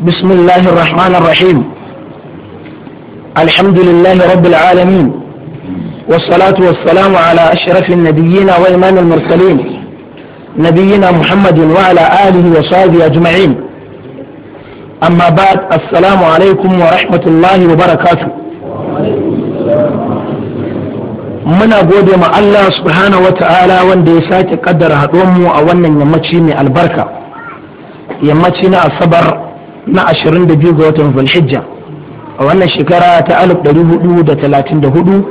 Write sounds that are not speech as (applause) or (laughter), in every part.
بسم الله الرحمن الرحيم الحمد لله رب العالمين والصلاة والسلام على أشرف النبيين وإمام المرسلين نبينا محمد وعلى آله وصحبه أجمعين أما بعد السلام عليكم ورحمة الله وبركاته من أقول ما الله سبحانه وتعالى wanda ya قدر هدومه mu a wannan yammaci mai albarka na 22 ga watan zulhijja a wannan shekara ta 1434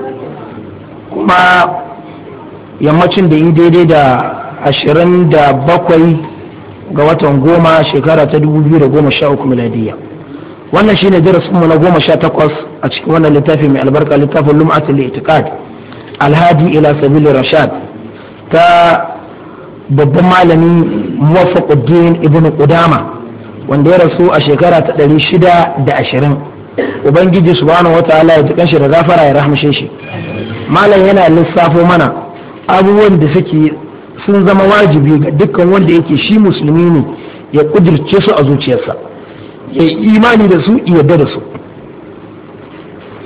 kuma yammacin da yi daidai da 27 ga watan goma shekara ta 2013 miladiyya wannan shine darasinmu na goma sha takwas a cikin wannan littafi mai albarka littafin lum'atul itiqad alhadi ila sabili rashad ta babban malami muwaffaquddin ibnu qudama wanda ya rasu a shekara ta ɗari shida da ashirin ubangiji subhanahu wataala ya tukan shi da zafara ya rahmashe shi malam yana lissafo mana abubuwan da suke sun zama wajibi ga dukkan wanda yake shi musulmi ne ya kudirce su a zuciyarsa ya imani da su ya da su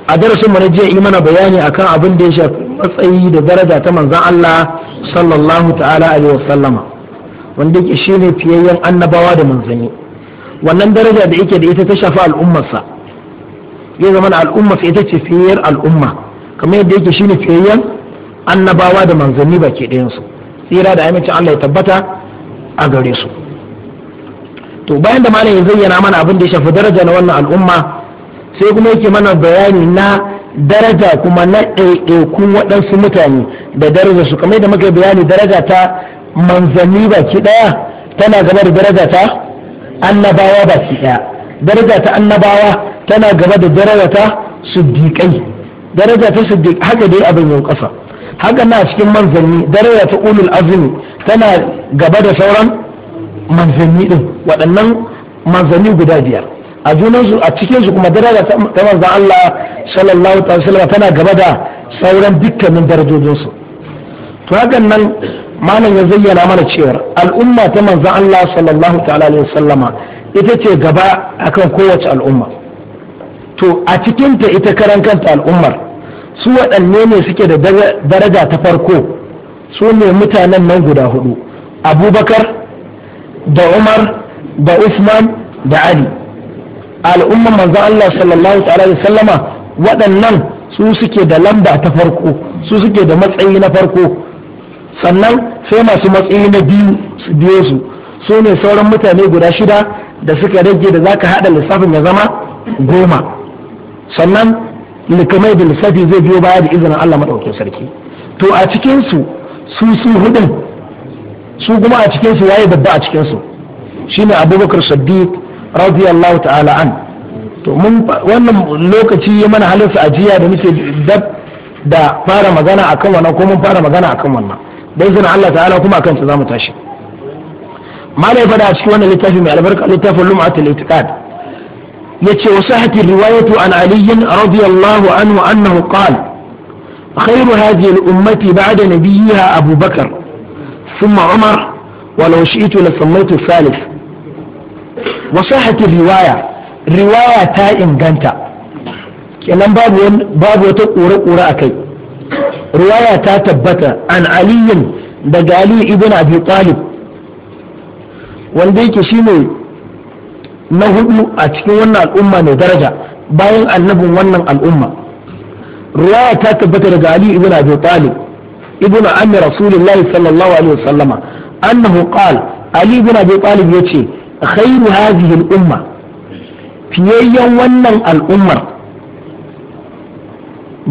a darasin mu na jiya yi mana bayani akan abin da ya shafi matsayi da daraja ta manzon Allah sallallahu ta'ala alaihi sallama wanda yake shine fiyayyen annabawa da manzanni wannan daraja da yake da ita ta shafi al'ummarsa ya zama al'ummarsa ita ce fiyayyar al'umma kamar yadda yake shine fiyayyen annabawa da manzanni baki ɗayansu tsira da amincin Allah ya tabbata a gare su to bayan da malam ya zayyana mana abin da ya shafi daraja na wannan al'umma sai kuma yake mana bayani na daraja kuma na ɗaiɗaikun waɗansu mutane da daraja su kamar da muka bayani daraja ta manzanni baki ɗaya tana gaba da daraja ta annabawa baki ɗaya daraja ta annabawa tana gaba da daraja ta siddiƙai daraja ta siddiq haka dai abin yau ƙasa haka na cikin manzanni daraja ta ulul azumi tana gaba da sauran manzanni din waɗannan manzanni guda biyar a junansu a cikinsu kuma daraja ta manzan Allah sallallahu alaihi wasallam tana gaba da sauran dukkanin darajojinsu to hakan nan malam ya zayyana mana cewa al'umma ta manzan Allah sallallahu alaihi wasallama ita ce gaba akan kowace al'umma to a cikinta ita karan kanta al'ummar su waɗanne ne suke da daraja ta farko su ne mutanen nan guda hudu abubakar da umar da usman da ali al'umman manzan Allah sallallahu alaihi wasallama waɗannan su suke da lamba ta farko su suke da matsayi na farko sannan sai masu matsayi na biyu su biyo su su ne sauran mutane guda shida da suka rage da zaka hada lissafin ya zama goma sannan likamai da lissafi zai biyo baya da izinin Allah maɗaukin sarki to a cikin su su su hudun su kuma a cikin su waye babba a cikinsu su shine Abubakar Siddiq radiyallahu ta'ala an to mun wannan lokaci ya mana halin ajiya da muke dab da fara magana akan wannan ko mun fara magana akan wannan da izinin Allah ta'ala kuma kansu su zamu tashi malai fada a cikin wannan littafi mai albarka littafin lum'atul itiqad yace wa sahati riwayatu an ali radiyallahu anhu annahu qala خير هذه الأمة بعد نبيها أبو بكر ثم عمر ولو شئت لسميت الثالث وصحت الرواية رواية تا إنجنتا كلام باب باب وتقور قراءة كي riwaya ta tabbata an aliyin daga aliyu ibn abi wanda yake shine na hudu a cikin wannan al'umma mai daraja bayan annabin wannan al'umma riwaya ta tabbata daga aliyu ibn abi ibn ammi sallallahu alaihi wasallama annahu qala ali ibn abi talib yace khairu hadhihi wannan al'ummar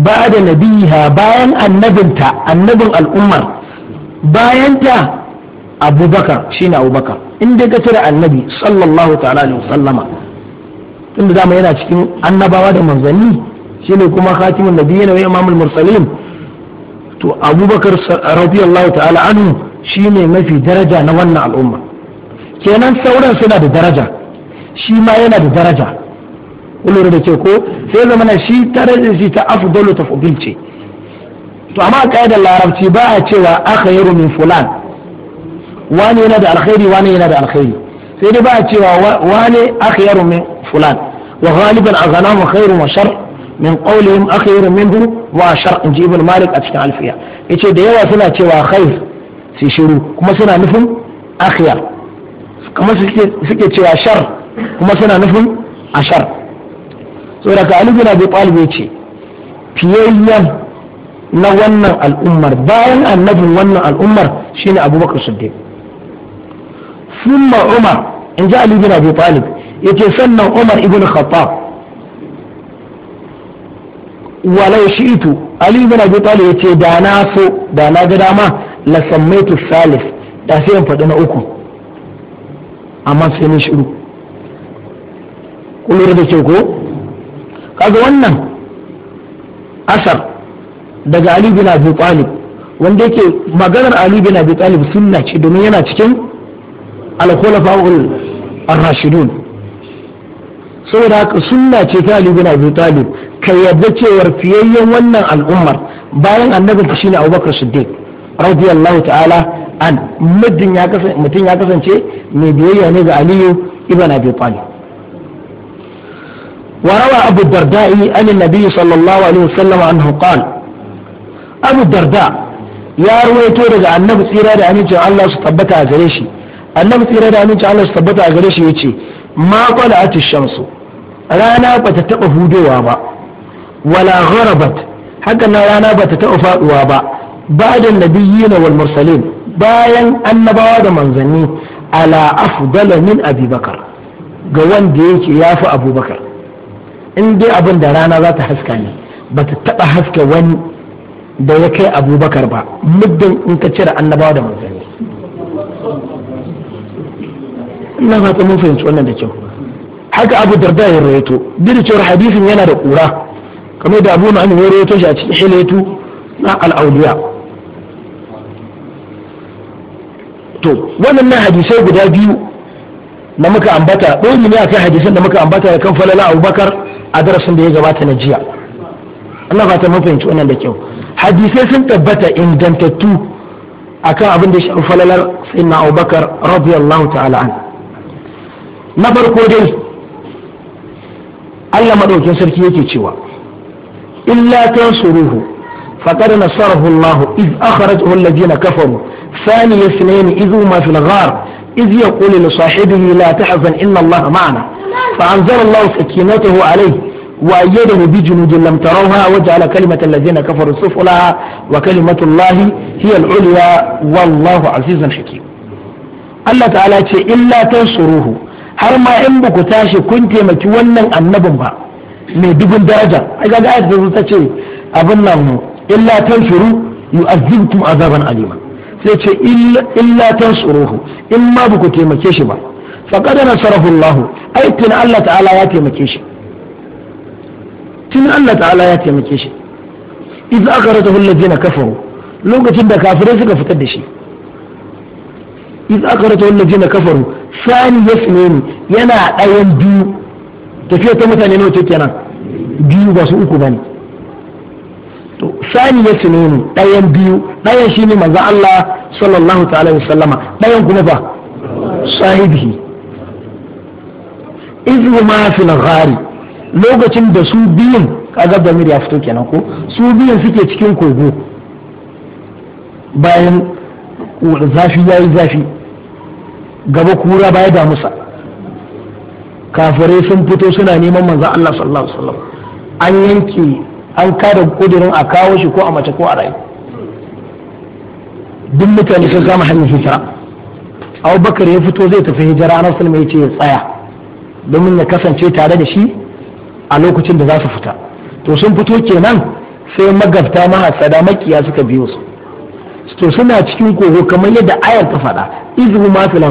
ba da nabiha bayan annabinta annabin al'ummar bayanta abubakar shine abubakar inda ka cire annabi sallallahu ta'ala alaihi wasallama tunda dama yana cikin annabawa da manzanni shine kuma khatimun nabiyyin wa imamul mursalin to abubakar radiyallahu ta'ala anhu shine mafi daraja na wannan al'umma kenan sauran suna da daraja shi ma yana da daraja kullum da ke ko sai zama na shi darajar shi ta afdalu tafdil ce to amma a kaidar larabci ba a cewa akhairu min fulan wani yana da alkhairi wani yana da alkhairi sai dai ba a cewa wani akhairu min fulan wa ghaliban aghnamu khairu wa shar min qawlihim akhairu minhu wa shar in ji ibn malik a cikin alfiya yace da yawa suna cewa khair su shiru kuma suna nufin akhyar kuma suke cewa shar kuma suna nufin ashar saboda ka Ali bin Abi fiyayyen na wannan al'ummar bayan annabin wannan al'ummar shine Abubakar Siddiq summa Umar in ji Ali bin Abi Talib ce sannan Umar ibn Khattab walau shi'tu Ali bin Abi Talib yace da na so da na ga dama la sammaitu salif da sai in faɗi na uku amma sai ni shiru kun da ke ko kaga wannan asar daga ali bin abi talib wanda yake maganar ali bin abi talib sunna ce domin yana cikin al-khulafa'ul ar-rashidun saboda haka sunna ce ta ali bin abi talib ka yadda cewar fiyayyen wannan al'ummar bayan annabi ta shine abubakar siddiq radiyallahu ta'ala an mutum ya kasance mai biyayya ne ga aliyu ibn abi talib وروى أبو الدرداء عن النبي صلى الله عليه وسلم أنه قال أبو الدرداء يا رويتو دغ النبي tsira da amincin Allah su tabbata a gare shi tsira da amincin Allah su tabbata gare shi yace ma qala'at shamsu rana bata taba hudowa ba wala gharabat haka na rana bata taɓa faduwa ba ba'da nabiyyin wal mursalin bayan annabawa da manzanni ala afdala min Abibakar ga wanda yake yafi abubakar in dai abin da rana za ta haska ne ba ta taɓa haska wani da ya kai abubakar ba muddin in ka cire annabawa da manzanni ina fata mun fahimci wannan da kyau haka abu darda ya rayato duk cewar hadisin yana da ƙura kamar da abu ma'ani ya rayato shi a cikin hilaitu na al'auliya to wannan na hadisai guda biyu na muka ambata ɗori ne a kan hadisan da muka ambata da kan falala abubakar a darasin da ya gabata na jiya Allah fata mun fahimci wannan da kyau hadisai sun tabbata ingantattu akan abin da ya shafi falalar sayyidina Abubakar radiyallahu ta'ala an na farko dai Allah madaukin sarki yake cewa illa tansuruhu faqad nasarahu Allah iz akhrajahu alladhina kafaru ثاني اثنين إذ هما في الغار إذ يقول لصاحبه لا تحزن إن الله معنا فأنزل الله سكينته عليه وأيده بجنود لم تروها وجعل كلمة الذين كفروا سفلها وكلمة الله هي العليا والله عزيز حكيم الله تعالى إلا تنصروه har ma in ba ku tashi kun taimaki wannan annabin ba mai dubin daraja ai ga ayat da ta ce abin nan illa tanshuru yu'azzibtum azaban alima sai ce illa tansuruhu in ma ba ku taimake shi ba faqad nasarahu Allah ai Allah ta'ala ya taimake shi tun Allah ta'ala ya taimake shi aka idza akhrajahu na kafaru lokacin da kafirai suka fitar da shi aka idza akhrajahu na kafaru sani ya yasmin yana ɗayan biyu tafiya ta mutane nawa kenan biyu ba su uku bane to sani ya yasmin ɗayan biyu ɗayan shi ne manzo Allah sallallahu ta'ala wa sallama ɗayan kuma ba sahibi izuma fil gari. lokacin da su biyun kaga damir ya fito kenan ko su biyun suke cikin kogo bayan zafi ya yi zafi gaba kura baya da musa kafirai sun fito suna neman manzan Allah sallallahu alaihi wasallam an yanke an kada kudirin a kawo shi ko a mace ko a rayu duk mutane sun kama hanyar hijira abubakar ya fito zai tafi hijira na sulma ya ce ya tsaya domin ya kasance tare da shi a lokacin da za su fita to sun fito kenan sai magabta mahasada makiya suka biyo su to suna cikin kogo kamar yadda ayar ta faɗa izu ma fil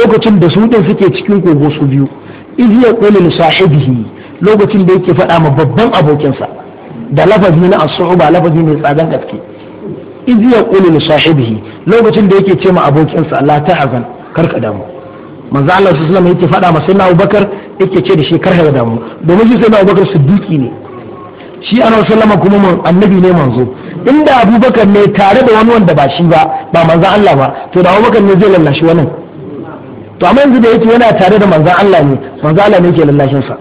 lokacin da su din suke cikin kogo su biyu izu ya qulu sahibihi lokacin da yake faɗa ma babban abokinsa da lafazi na as ba lafazi ne tsadan gaske izu ya qulu sahibihi lokacin da yake ce ma abokinsa Allah ta'azan kar karka damu manzo Allah sallallahu alaihi yake faɗa masa na Abubakar yake ce da shi kar ka damu domin shi sayyidina Abubakar siddiqi ne shi ana sallama kuma annabi ne manzo inda Abubakar ne tare da wani wanda ba shi ba ba manzo Allah ba to da Abubakar ne zai lallashi wannan to amma yanzu da yake yana tare da manzo Allah ne manzo Allah ne yake lallashin sa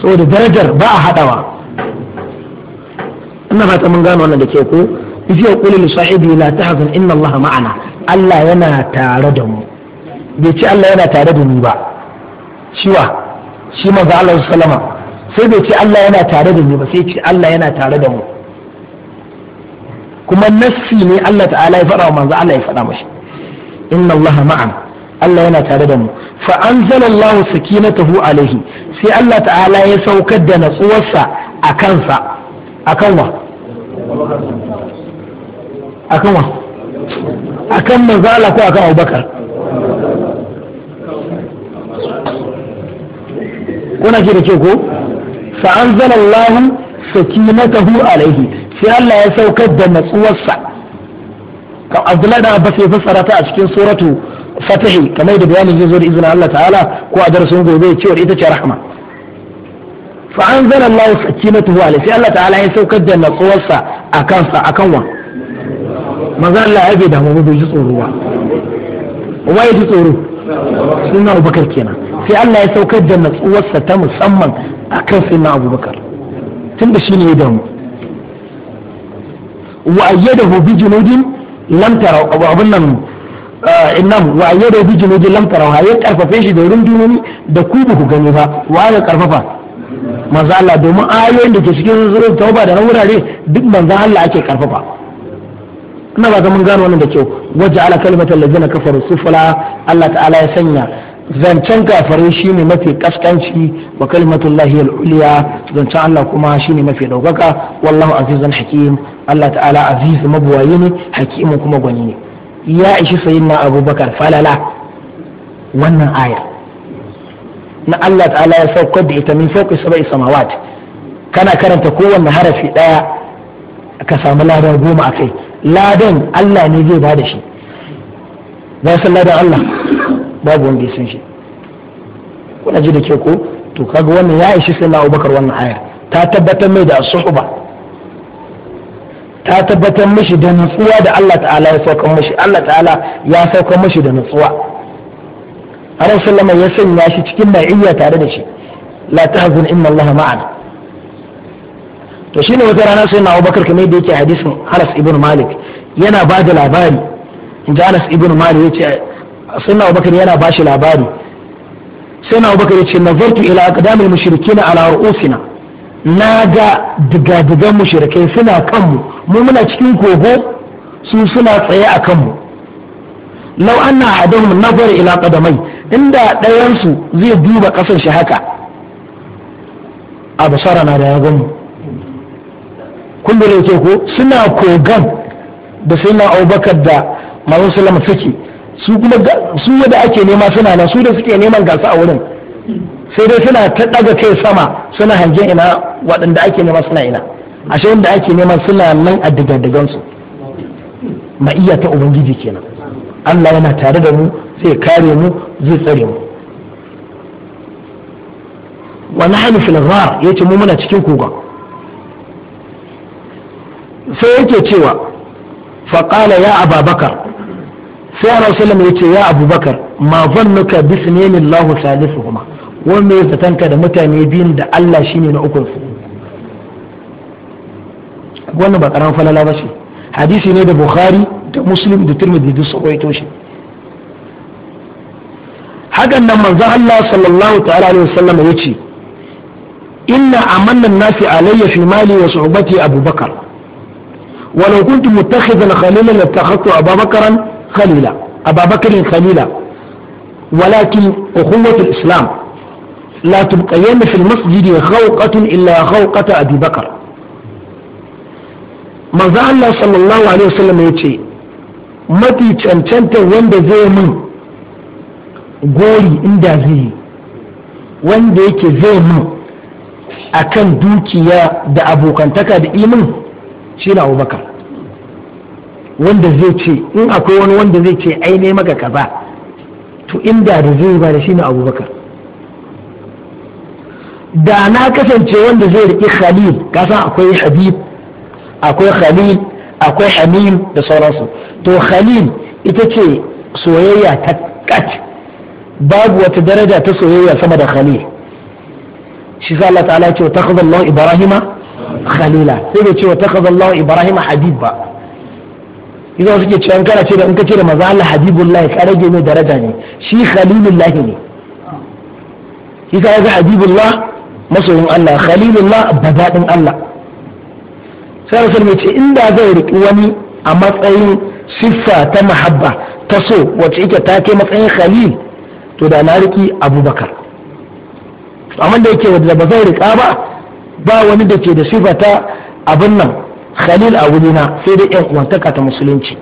saboda darajar ba a hadawa ina fata mun gano wannan da ke ko yace qul li sahibi la tahzan inna Allah ma'ana Allah yana tare da mu bai ci Allah yana tare da ni ba shiwa shi manzo Allah sallama sai bai ci Allah yana tare da ni ba sai ci Allah yana tare da mu kuma nassi ne Allah ta'ala ya faɗa wa manzo Allah ya faɗa mashi inna Allah ma'an Allah yana tare da mu fa anzala Allah sakinatahu alaihi sai Allah ta'ala ya saukar da natsuwarsa a kansa akan wa akan wa akan manzo Allah ko akan Abubakar kuna ke da ke ko fa hu sakinatahu alaihi sai Allah ya saukar da matsuwarsa Ka Abdullahi da Abbas ya fassara ta a cikin suratu fatahi kamar da bayanin zai zo da izinin Allah ta'ala ko a darasin gobe cewa ita ce rahma fa hu sakinatahu alaihi sai Allah ta'ala ya saukar da natsuwarsa akan sa akan wa manzo Allah ya bai damu bai ji tsoro ba wai ji tsoro sunna Abubakar kenan sai Allah ya saukar da natsuwarsa ta musamman a kan sai na abubakar tun da shi ne ya damu wa ayyadahu bi junudin lam taraw abun nan innan wa ayyadahu bi junudin lam taraw ya karfafe shi da rundunoni da ku ba ku gani ba wa ya karfafa manzo Allah domin ayoyin da ke cikin zuwa tauba da na wurare duk manzo Allah ake karfafa ina ba ga mun gano wannan da kyau waje ala kalimatal ladzina kafaru sufla Allah ta'ala ya sanya zancen kafare shine mafi kaskanci wa kalimatullahi al-uliya zancen Allah kuma shine mafi daukaka wallahu azizun hakim Allah ta'ala aziz mabuwayi ne hakimin kuma gwani ne ya ishi sayyidina abubakar falala wannan aya na Allah ta'ala ya saukar da ita min fawqi sab'i samawat kana karanta kowanne harafi ɗaya ka samu ladan goma kai. ladan Allah ne zai ba da shi ba san ladan Allah babu wanda ya san shi kuna ji da ke ko to kaga wannan ya ishi sai na abubakar wannan ayar ta tabbatar mai da suhuba ta tabbatar mishi da nutsuwa da Allah ta'ala ya saukar mishi Allah ta'ala ya saukar mishi da nutsuwa Annabi sallama ya sanya shi cikin ma'iyya tare da shi la tahzun inna Allah ma'ana to shine wata rana sai na Abubakar kamar da yake hadisin Anas ibn Malik yana ba da labari inda Anas ibn Malik yace sunna abubakar yana ba shi labari sai na abubakar ya ce na nazartu ila aqdamil na ala ru'usina na ga digadigan mushrikai suna kanmu mu muna cikin kogo su suna tsaye a kanmu lau anna ahadahum nazara ila qadamai inda ɗayan su zai duba kasar shi haka basara na da ya gani. kun da ko suna kogan da sai na abubakar da manzon sallama suke su kuma su yadda ake nema suna nan su da suke neman gasa a wurin sai dai suna ta daga kai sama suna hangen ina waɗanda ake nema suna ina ashe da ake neman suna nan a digadigan su iya ta ubangiji kenan Allah yana tare da mu zai kare mu zai tsare mu Wani hali fil ya ce mu muna cikin koga sai yake cewa faƙala ya ababakar sai ana sallama ya ce ya abubakar ma zannuka bisnenin lahu salisuhuma wanda ya zatanka da mutane biyun da Allah shine na ukun su wannan ba karamin falala ba ce hadisi ne da bukhari da muslim da turmi da sun rawaito shi hakan nan manzon Allah sallallahu ta'ala alaihi wasallam ya ce inna amanna nasi alayya fi mali wa suhbati abubakar ولو كنت متخذا خليلا لاتخذت ابا بكرا خليلا أبا بكر خليلا ولكن أخوة الإسلام لا تبقين في المسجد خوقة إلا خوقة أبي بكر manzo Allah sallallahu alaihi wasallam ya ce mafi cancanta wanda zai mun gori inda zai yi wanda yake zai min akan dukiya da abokantaka da iman, shi na abubakar wanda zai ce in akwai wani wanda zai ce ai ne maka kaza to inda da zai ba da abubakar da na kasance wanda zai riƙi khalil kasan akwai habib akwai khalil akwai hamim da sauransu to khalil ita ce soyayya ta kat babu wata daraja ta soyayya sama da khalil shi sa Allah ta'ala ce wa takhadallahu ibrahima khalila sai bai ce wa takhadallahu ibrahima habib ba idan suke cewa kana ce da in kace da maza Allah habibullahi ka rage mai daraja ne shi khalilullahi ne kika yaga habibullah masoyin Allah khalilullah badadin Allah sai rasul mai ce inda zai riki wani a matsayin siffa ta mahabba ta so wacce yake ta kai matsayin khalil to da na riki abubakar amma da yake da ba zai rika ba ba wani da ke da siffa ta abin nan khalil a wurina sai dai yan uwantaka ta musulunci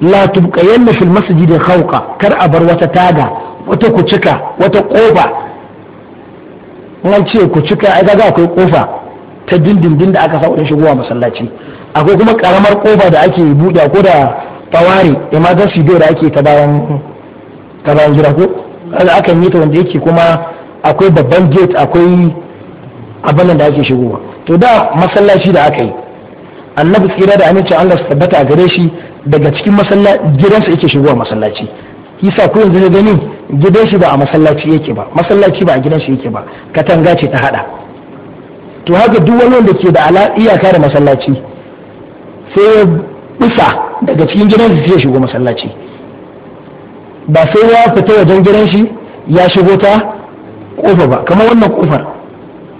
la tubqayanna fil da hauka, kar a bar wata taga wata kucika wata kofa an ce kucika ai kaga akwai kofa ta dindindin da aka sa wurin shigowa masallaci akwai kuma karamar kofa da ake buɗe ko da tawari emergency door da ake ta bayan ta bayan gida ko akan yi ta wanda yake kuma akwai babban gate akwai abin da ake shigowa to da masallaci da aka yi annabi tsira da amince Allah su tabbata a gare shi daga cikin gidansa yake shigowa masallaci yasa ko yanzu ne gani gidan shi ba a masallaci yake ba masallaci ba a gidan shi yake ba katanga ce ta hada to haka duk wani wanda ke da ala iyaka da masallaci sai ya bisa daga cikin gidan shi ya shigo masallaci ba sai ya fita wajen gidan shi ya shigo ta kofa ba kamar wannan kofar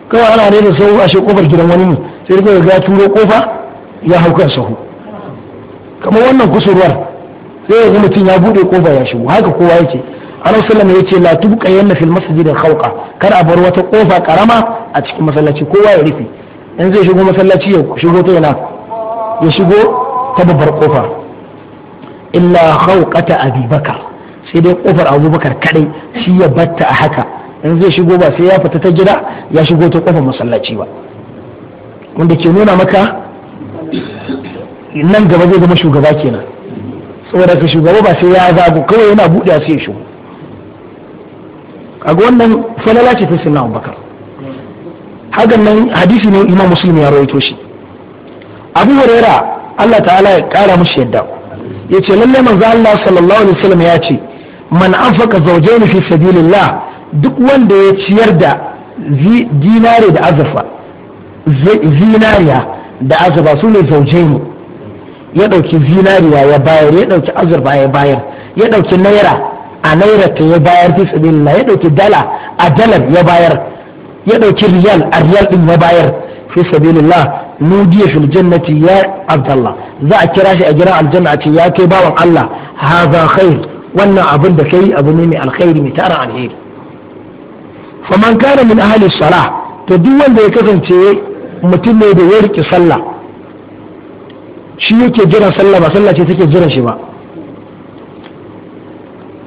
kawai ana rera sahu a shi kofar gidan wani ne sai da ga turo kofa ya hau kan sahu kamar wannan kusurwar sai ga mutum ya bude kofa ya shigo haka kowa yake annabi sallallahu alaihi wasallam la tubka yanna fil masjidil khawqa kar a bar wata kofa karama a cikin masallaci kowa ya rufe in zai shigo masallaci ya shigo ta yana ya shigo ta babbar kofa illa khawqata abubakar sai dai kofar abubakar kadai shi ya batta a haka in zai shigo ba sai ya fita ta gida ya shigo ta kofar masallaci ba wanda ke nuna maka nan gaba zai zama shugaba kenan saboda ka shugaba ba sai ya zago kawai yana buɗe sai ya shigo kaga wannan falala ce ta sunna Abubakar hagan nan hadisi ne Imam Muslim ya rawaito shi Abu Huraira Allah ta'ala ya kara mushi yadda yace lallai manzo Allah sallallahu alaihi wasallam ya ce man anfaqa zawjayn fi sabilillah duk wanda ya ciyar da dinare da azurfa zinariya da azurfa su ne zauje ne ya ɗauki zinariya ya bayar ya ɗauki azurfa ya bayar ya ɗauki naira a naira ta ya bayar fi sabilillah ya ɗauki dala a dalar ya bayar ya ɗauki riyal a riyal ɗin ya bayar fi sabilillah nudiya fil jannati ya abdallah za a kira shi a gidan aljanna a ce ya kai bawan Allah haza khair wannan abin da kai abu ne mai alkhairi mai tara alheri faman kana min ahli salah to duk wanda ya kasance mutum ne da ya rike sallah shi yake jiran sallah ba sallah ce take jiran shi ba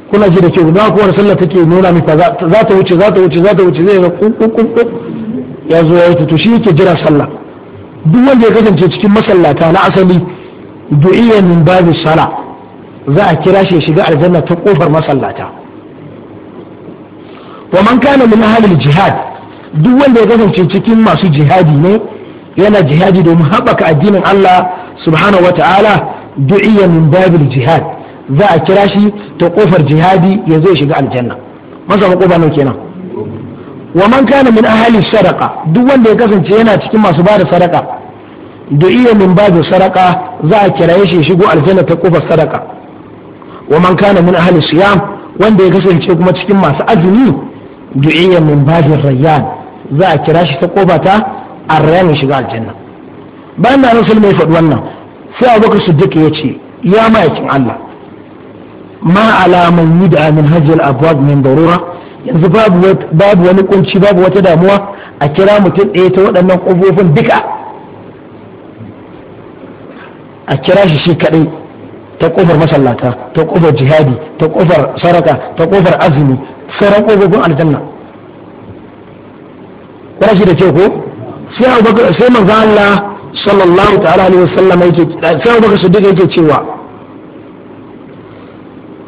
kuna ji da kyau za ku wani sallah take nuna fa? za ta wuce za ta wuce za ta wuce zai ga kukukukuk ya zo ya wuce to shi yake jiran sallah duk wanda ya kasance cikin masallata na asali du'iyyan min babu sala za a kira shi ya shiga aljanna ta kofar masallata wa man kana min jihad duk wanda ya kasance cikin masu jihadi ne yana jihadi domin haɓaka addinin Allah subhanahu wata'ala du'iya min babil jihad za a kira shi ta kofar jihadi ya zo shiga aljanna masa makoba nan kenan wa man kana min ahli duk wanda ya kasance yana cikin masu bada sadaka du'iya min babil sadaqa za a kiraye shi shigo aljanna ta kofar sadaka wa man kana min siyam wanda ya kasance kuma cikin masu azumi du'iya min babin rayyan za a kira shi ta kofa ta arrayan ya shiga aljanna bayan da rasul mai faɗi wannan sai abubakar siddiq ya ce ya ma'aikin allah ma alaman yi da min hajjal abuwa min darura yanzu babu wani kunci babu wata damuwa a kira mutum ɗaya ta waɗannan ƙofofin duka a kira shi shi kaɗai ta kofar masallata ta kofar jihadi ta kofar saraka ta kofar azumi sauran kofofin aljanna kuma shi da ce ko sai abubakar sai manzo Allah sallallahu ta'ala alaihi wasallam yake sai abubakar siddiq yake cewa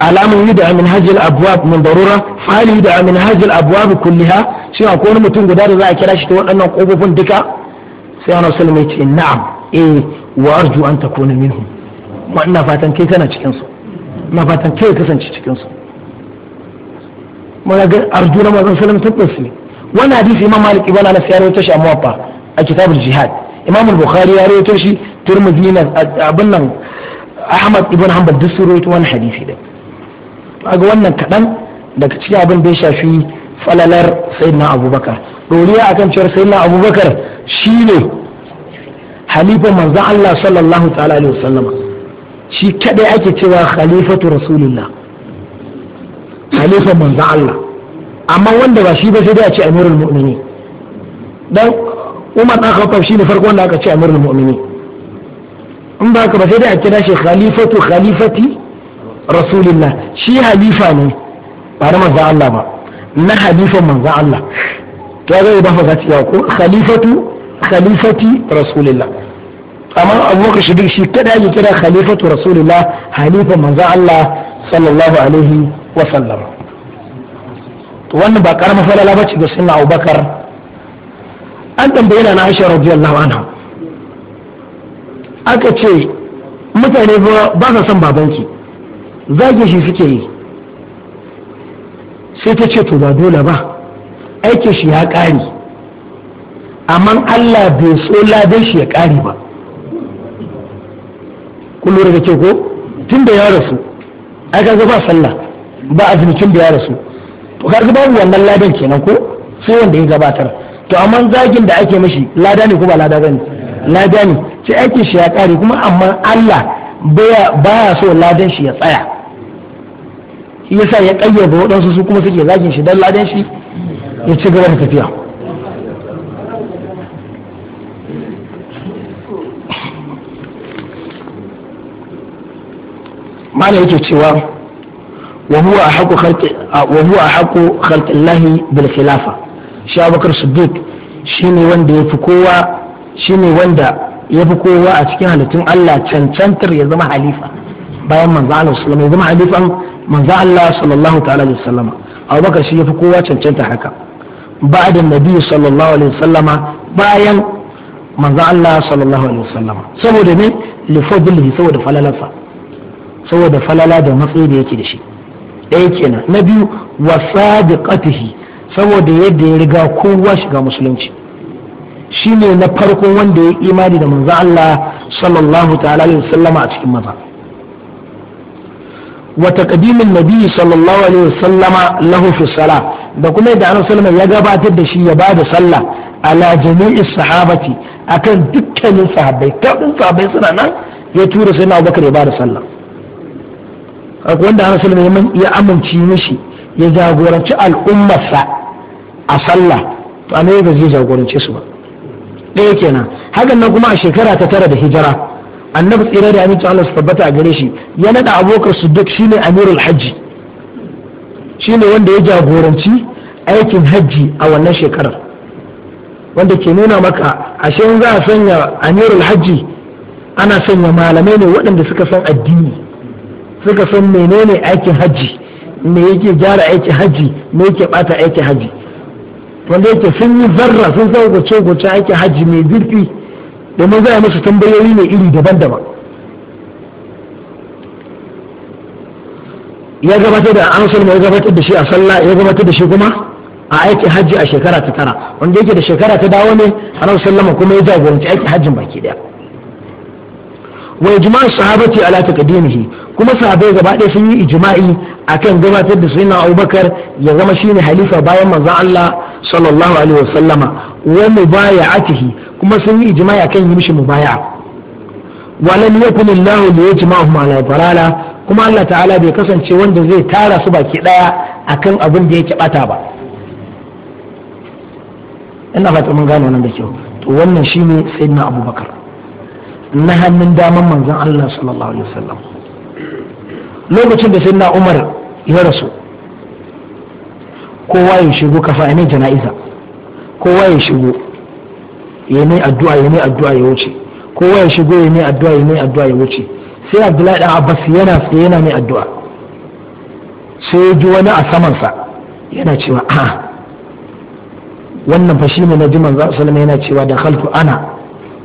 alamun yud'a min hajjil abwab min darura fali yud'a min hajjil abwab kulliha shi akwai wani mutum guda da za a kira shi ta waɗannan kofofin duka sai ana sallama yace na'am eh wa arju an takuna minhum kuma fatan kai kana cikinsu na fatan kai kasance cikin su muna ga arjuna manzon sallam tabbas ne wannan hadisi imam malik ibn anas ya rawaito shi a muwaffa a kitabul jihad imam bukhari ya rawaito shi tirmidhi na abin nan ahmad ibn hanbal duk sun rawaito wannan hadisi da ga wannan kadan daga cikin abin da ya shafi falalar sayyidina abubakar doriya akan cewar sayyidina abubakar shine halifan manzon Allah sallallahu ta'ala alaihi wasallama shi kadai ake cewa khalifatu rasulullah khalifan manzon Allah amma wanda ba shi ba sai dai a ce amirul mu'minin dan Umar dan Khattab shine farko wanda aka ce amirul mu'minin in ba ka ba sai dai a kira shi khalifatu khalifati rasulullah shi halifa ne ba na manzon Allah ba na halifan manzon Allah to ga idan fa ga ko khalifatu khalifati rasulullah amma abubakar siddiq shi kada ake kira khalifatu rasulullah halifa manzon Allah sallallahu alaihi wa sallam wannan ba karamar falala bace ga sunna abubakar an tambaye na Aisha radiyallahu anha aka ce mutane ba sa son babanki zage shi suke yi sai ta ce to ba dole ba aikin shi ya ƙare amma Allah bai so ladan shi ya ƙare ba kun lura da ke ko tun da ya rasu ai kaga ba sallah ba azumi tun da ya rasu to kaga babu wannan ladan kenan ko sai wanda ya gabatar to amma zagin da ake mashi lada ne ko ba lada bane lada ne sai ake shi ya kare kuma amma Allah baya so ladan shi ya tsaya yasa ya kayyaba waɗansu su kuma suke zagin shi dan ladan shi ya ci gaba da tafiya mana yake cewa wa huwa ahqqu khalqi wa bil khilafa shi Abubakar Siddiq shine wanda yafi kowa shine wanda yafi kowa a cikin halittun Allah cancantar ya zama halifa bayan manzo Allah sallallahu ya zama halifan manzo Allah sallallahu ta'ala alaihi wasallam Abubakar shi ya fi kowa cancanta haka بعد النبي صلى الله عليه وسلم باين manzo Allah sallallahu alaihi wasallam saboda me li fadlihi saboda falalansa saboda falala da matsayi da yake da shi ɗaya kenan na biyu wa sadiqatihi saboda yadda ya riga kowa shiga musulunci shine na farkon wanda ya imani da manzo Allah sallallahu ta'ala alaihi a cikin maza wata taqdimin nabi sallallahu alaihi lahu fi da kuma yadda annabi sallallahu ya gabatar da shi ya bada sallah ala jami'is sahabati akan dukkanin sahabbai kafin sahabbai suna nan ya tura sai na Abubakar ya bada sallah akwai wanda ana sallama ya amince mishi ya jagoranci al'ummarsa a sallah to annabi ba zai jagorance su ba ɗaya kenan hakan nan kuma a shekara ta tara da hijira annabi tsira da aminci Allah su tabbata a gare shi ya nada abokar su duk shine amirul hajji shine wanda ya jagoranci aikin hajji a wannan shekarar wanda ke nuna maka ashe za a sanya amirul hajji ana sanya malamai ne waɗanda suka san addini suka san menene aikin hajji me yake gyara aikin hajji me yake bata aikin hajji wanda yake sun yi zarra sun san goce goce aikin hajji mai zurfi domin za a musu tambayoyi ne iri daban-daban ya gabatar da an ya gabatar da shi a sallah ya gabatar da shi kuma a aikin hajji a shekara ta tara wanda yake da shekara ta dawo ne a sallama kuma ya jagoranci aikin hajjin baki daya wa ijma'u sahabati ala taqdimihi kuma sahabbai gaba ɗaya sun yi ijma'i akan gabatar da sayyidina Abubakar ya zama shine halifa bayan manzon Allah sallallahu alaihi wasallama wa mubaya'atihi kuma sun yi ijma'i akan yi mishi mubaya'a walam yakun Allah li yajma'ahum ala dalala kuma Allah ta'ala bai kasance wanda zai tara su baki daya akan abin da yake bata ba ina fata mun gane nan da kyau to wannan shine sayyidina Abubakar na hannun daman manzon Allah sallallahu alaihi wasallam lokacin da sayyidina umar ya rasu kowa ya shigo kafa ne jana'iza kowa ya shigo ya ne addu'a ya ne addu'a ya wuce kowa ya shigo ya ne addu'a ya ne addu'a ya wuce sai abdullahi dan abbas yana tsaye yana ne addu'a sai ji wani a samansa yana cewa a wannan fa shine na ji manzo sallama yana cewa da khaltu ana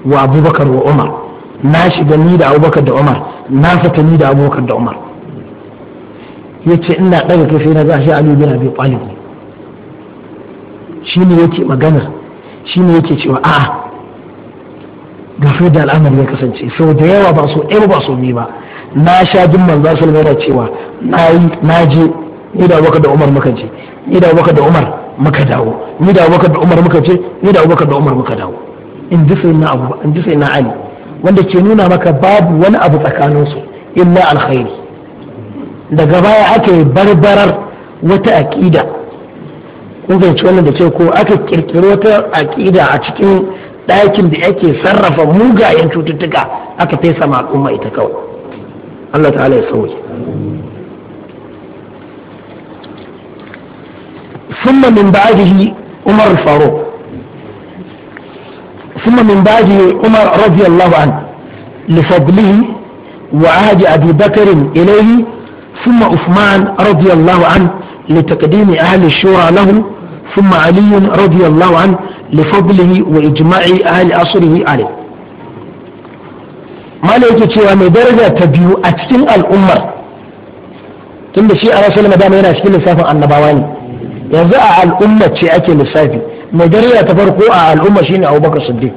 wa abubakar wa umar na shiga ni da abubakar da umar na fita ni da abubakar da umar yace ina daga kai sai na ga shi Ali bin Abi Talib shine yake magana shine yake cewa a'a gafe da al'amari ya kasance sau da yawa ba so ɗaya ba so biyu ba na sha jin manzo sallallahu alaihi cewa na yi na je ni da Abubakar da Umar muka je ni da Abubakar da Umar muka dawo ni da Abubakar da Umar muka je ni da Abubakar da Umar muka dawo in ji sai na Abu in ji sai na Ali wanda ke nuna maka babu wani abu tsakaninsu su illa alkhairi daga baya aka yi barbarar wata aƙida kun fahimci wannan da ce ko aka kirkiri wata aƙida a cikin ɗakin da yake sarrafa mugayen cututtuka aka fesa ma al'umma ita kawai Allah ta'ala ya sauke ثم من umar عمر الفاروق ثم من بعده عمر an الله عنه لفضله وعهد أبي بكر إليه ثم عثمان رضي الله عنه لتقديم أهل الشورى له ثم علي رضي الله عنه لفضله وإجماع أهل عصره عليه ما لك cewa mai daraja ta biyu a cikin al'ummar tunda shi a rasul madama yana cikin lissafin annabawa ne yanzu a al'ummar ce ake lissafi mai daraja ta farko a al'umma shine abubakar siddiq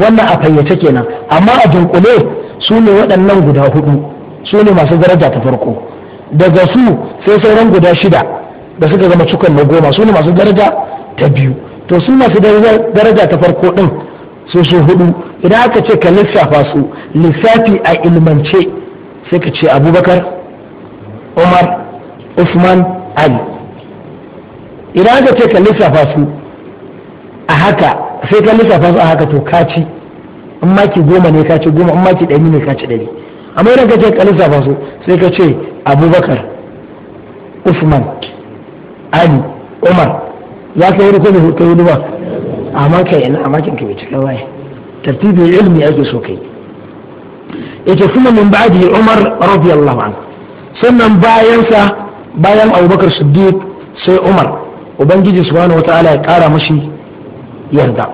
wannan a fayyace kenan amma a dunkule sune waɗannan guda huɗu. su ne masu daraja ta farko daga su sai sauran guda shida da suka zama cikon na goma su ne masu daraja ta biyu to su masu daraja ta farko din su su hudu idan aka ce ka lissafa su lissafi a ilmance sai ka ce abubakar umar usman ali idan aka ce ka lissafa su a haka sai ka lissafa su a haka to kaci in maki goma ne kaci goma in maki ɗari ne kaci ɗari amma yana ka ce ka lissafa su sai ka ce abubakar usman ali umar za ka yi rukun ka yi ba amma ka yana amma kin kai bai cika waye tartibin ilmi ake so kai yace kuma min ba'di umar radiyallahu anhu sannan bayansa bayan abubakar siddiq sai umar ubangiji subhanahu wataala ya kara mashi yarda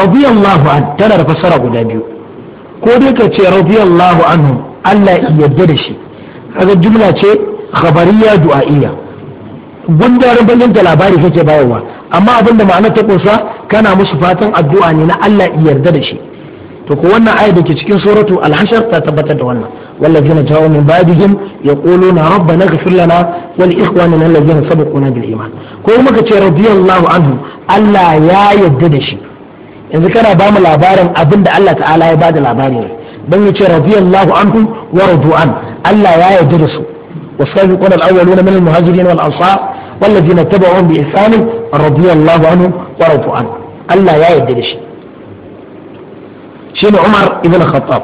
radiyallahu anhu tana da fassara guda biyu ko dai ka ce radiyallahu anhu Allah ya yarda da shi kaga jumla ce khabariya du'a'iyya gundarin bayan da labari kake bayarwa amma abinda ma'ana ta kunsa kana musu fatan addu'a ne na Allah ya yarda da shi to ko wannan ayat da ke cikin suratu al ta tabbatar da wannan wallazina ja'u min ba'dihim yaquluna rabbana ighfir lana wal ikhwanina allazina sabaquna bil iman ko muka ce radiyallahu anhu Allah ya yarda da shi yanzu kana ba mu labarin abin da Allah ta'ala ya ba da labari ne don ya ce radiyallahu anhu wa radu'an Allah ya yarda da su wasabiqun al-awwaluna min al-muhajirin wal ansar wallazina tabi'uhum bi ihsan radiyallahu anhu wa radu'an Allah ya yarda da shi shine Umar ibn Khattab